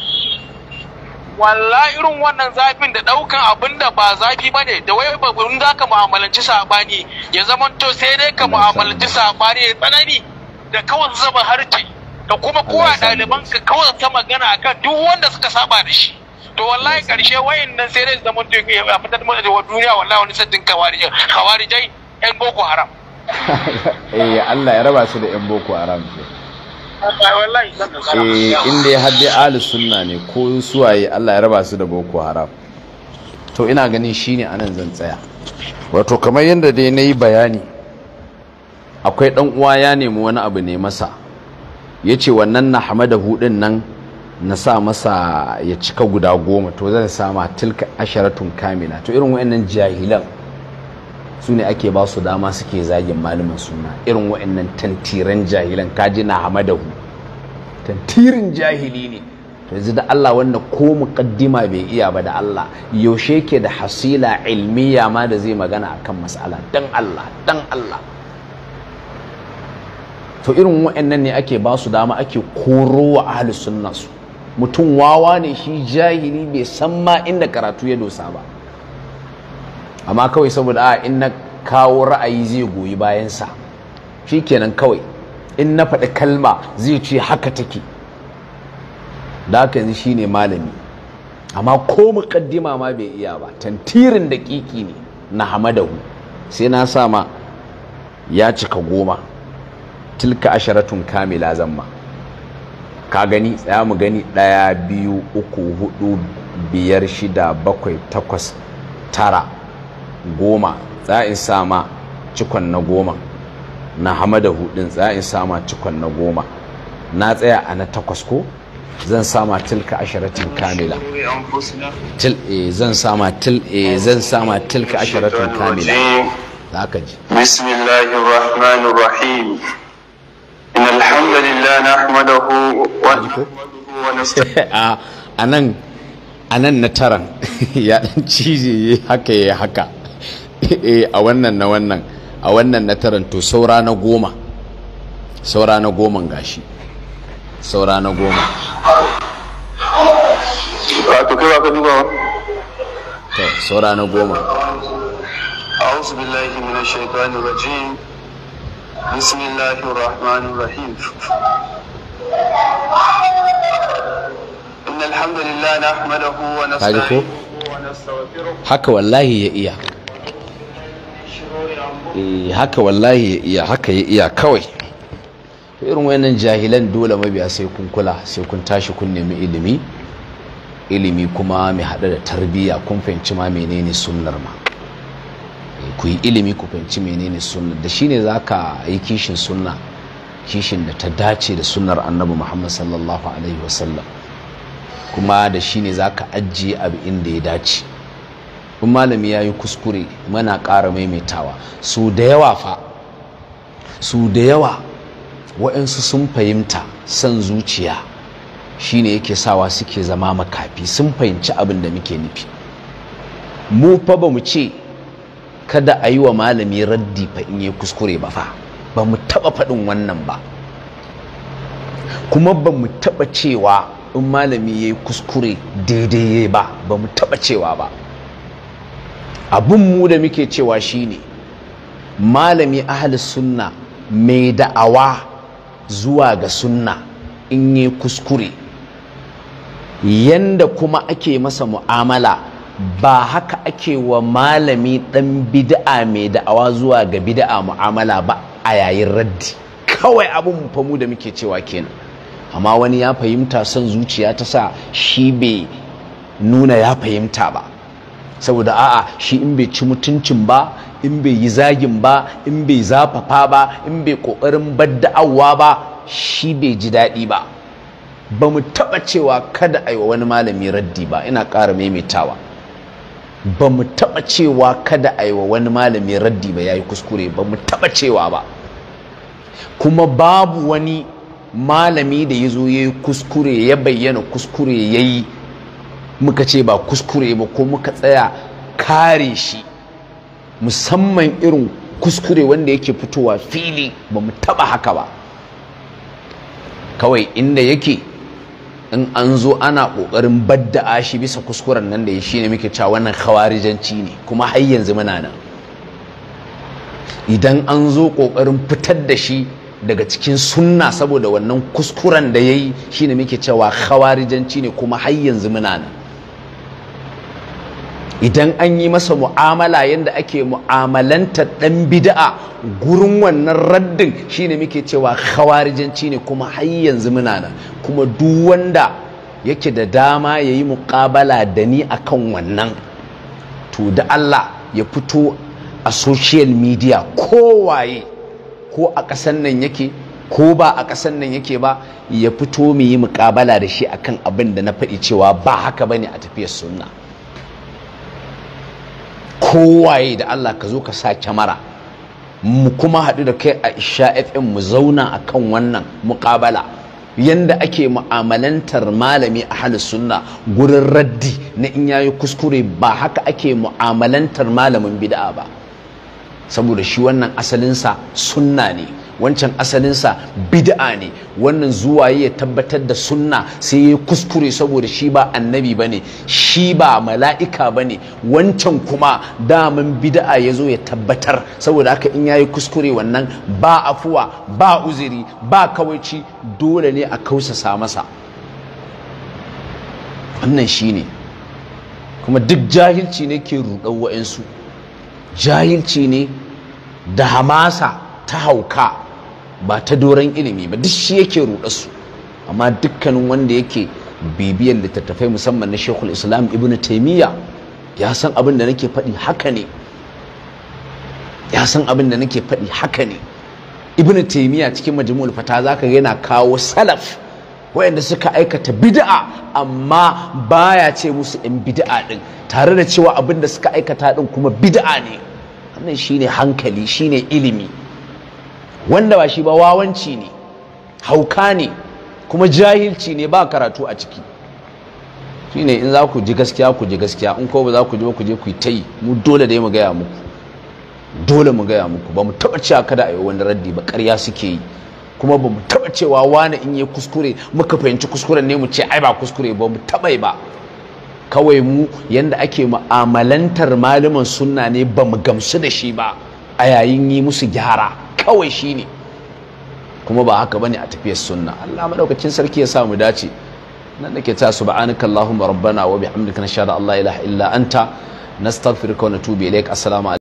wallahi irin wannan zafin da daukan abin da ba zafi ba ne da wai babban za ka mu'amalanci sabani ya zama to sai dai ka mu'amalanci sabani ya tsanani da kawai zaba harce da kuma kowa ɗaliban ka kawai ta magana akan duk wanda suka saba da shi to wallahi karshe nan sai dai zama a fitar mana da duniya wallahi wani saddin kawarijai yan boko haram eh Allah ya raba su da yan boko haram eh inda ya haddi ahli sunna ne ko suwaye Allah ya raba su da boko haram to ina ganin shine anan zan tsaya wato kamar yadda dai na yi bayani akwai ɗan uwa ya nemi wani abu ne masa ya ce wannan na hamada hudun nan na sa masa ya cika guda goma to zai sama tilka asharatun kamina to irin wa'annan jahilan su ne ake ba su dama suke zagin malamin suna irin wa'annan tantiran jahilan kaji na hamadahu tantirin jahili ne to yanzu da Allah wannan ko muqaddima bai iya ba da Allah yaushe ke da hasila ilmiya ma da zai magana akan mas'ala dan Allah dan Allah to irin wa'annan ne ake ba su dama ake korowa ahlus sunna su mutum wawa ne shi jahili bai san ma inda karatu ya dosa ba amma kawai saboda a in kawo ra'ayi zai goyi bayansa shi kenan kawai in na faɗi kalma zai ce haka take da haka yanzu ne malami amma ko muƙaddima ma bai iya ba tantirin da ƙiƙi ne na hamadahu sai na sa ma ya cika goma tilka asharatun kamila zamma ka gani tsaya mu gani ɗaya biyu uku hudu biyar shida bakwai takwas tara goma Za in sama cikon na goma na hamada hudun za in sama cikon na goma na tsaya a na takwas ko zan sama tilka asharatin kamila til e zan sama til e zan sama tilka asharatin kamila za ka ji bismillahir a nan na taran ya dan cije haka ya haka eh, a wannan na wannan a wannan na taran to saura na goma saura na goman gashi saura na goma saura na goma a wasu billahi mina shaitani rajim بسم الله الرحمن الرحيم إن الحمد لله نحمده ونستعينه ونستغفره haka wallahi ya iya eh, haka wallahi ya iya haka ya iya kawai irin wayannan jahilan dole mabiya sai kun kula sai kun tashi kun nemi ilimi ilimi kuma mai hada da tarbiyya kun fahimci ma menene sunnar ma ku yi ilimi ku fahimci menene sunna da shine za ka yi kishin sunna kishin da ta dace da sunnar annabi muhammad sallallahu alaihi wasallam kuma da shine za ka ajiye abu inda ya dace in malami ya yi kuskure mana ƙara maimaitawa su da yawa fa su da yawa waɗansu sun fahimta son zuciya shine yake sawa suke zama makafi sun fahimci abin da muke nufi mu fa ba mu ce kada a yi wa malami raddi fa in yi kuskure ba fa ba mu taɓa faɗin wannan ba kuma ba mu taɓa cewa in malami ya yi kuskure daidai ya ba ba mu taɓa cewa ba abin mu da muke cewa shine malami ahal sunna mai da'awa zuwa ga sunna in yi kuskure yanda kuma ake masa mu'amala ba haka ake wa malami dan bid'a mai da'awa zuwa ga bid'a mu'amala ba a yayin raddi kawai abun famu da muke cewa kenan amma wani ya fahimta son zuciya ta sa shi bai nuna ya fahimta ba saboda a'a shi in bai ci mutuncin ba in bai yi zagin ba in bai zafafa ba in bai kokarin badda'awa ba shi bai ji daɗi ba ba mu taɓa cewa kada a yi wa wani malami raddi ba ina ƙara maimaitawa ba mu taɓa cewa kada a yi wa wani malami raddi ba ya yi kuskure ba mu taɓa cewa ba kuma babu wani malami da ya zo ya yi kuskure ya bayyana kuskure ya yi muka ce ba kuskure ba ko muka tsaya kare shi musamman irin kuskure wanda yake fitowa fili ba mu taɓa haka ba kawai inda yake in an zo ana ƙoƙarin badda'a shi bisa kuskuren nan da ya shi ne muke cewa wannan khawarijanci ne kuma har yanzu muna nan idan an zo ƙoƙarin fitar da shi daga cikin sunna saboda wannan kuskuren da ya yi shi ne muke cewa khawarijanci ne kuma har yanzu muna nan idan an yi masa mu'amala yadda ake mu'amalanta ɗan bida'a gurin wannan raddin shine muke cewa khawarijanci ne kuma har yanzu muna nan kuma duk wanda yake da dama ya yi muƙabala da ni akan wannan to da Allah ya fito a social media kowaye ko a ƙasan nan yake ko ba a ƙasan nan yake ba ya fito mu yi muƙabala da shi akan abin da na faɗi cewa ba haka bane a tafiyar sunna kowaye da Allah ka zo ka sa kyamara mu kuma haɗu da kai a isha fm mu zauna a kan wannan muƙabala yanda ake mu'amalantar malami a halin sunna gurin raddi na in yayi kuskure ba haka ake mu'amalantar malamin bid'a ba saboda shi wannan asalinsa sunna ne wancan asalinsa bid'a ne wannan zuwa ya tabbatar da sunna sai ya kuskure saboda shi ba annabi bane shi ba mala'ika bane wancan kuma daman bid'a ya zo ya tabbatar saboda haka in yayi kuskure wannan ba afuwa ba uziri ba kawaici dole ne a kausasa masa wannan shine kuma duk jahilci ne ke ruɗar wa'insu jahilci ne da hamasa ta hauka ba ta doron ilimi ba duk shi yake su amma dukkanin wanda yake bibiyar littattafai musamman na shekul islam ibn taimiyya ya san abin da nake faɗi haka ne ya san abin da nake faɗi haka ne ibn taimiyya cikin majmu'ul fata zaka ga yana kawo salaf wayanda suka aikata bid'a amma baya ce musu in bid'a din tare da cewa abin da suka aikata din kuma bid'a ne wannan shine hankali shine ilimi wanda ba shi ba wawanci ne hauka ne kuma jahilci ne ba karatu a ciki ne in za ku ji gaskiya ku ji gaskiya in ko ba za ku ji ba ku je ku yi ta yi mu dole dai mu gaya muku dole mu gaya muku ba mu taɓa cewa kada a yi wani raddi ba ƙarya suke yi kuma ba mu taɓa cewa wani in yi kuskure muka fahimci kuskuren ne mu ce ai ba kuskure ba mu taɓa ba kawai mu yanda ake mu'amalantar malaman sunna ne ba mu gamsu da shi ba a yayin yi musu gyara kawai shine kuma ba haka bane a tafiyar sunna Allah madaukakin sarki ya samu dace nan nake ta subhanaka allahumma rabbana wa bihamdika nashhadu an la ilaha illa anta nastaghfiruka wa natubu ilaik assalamu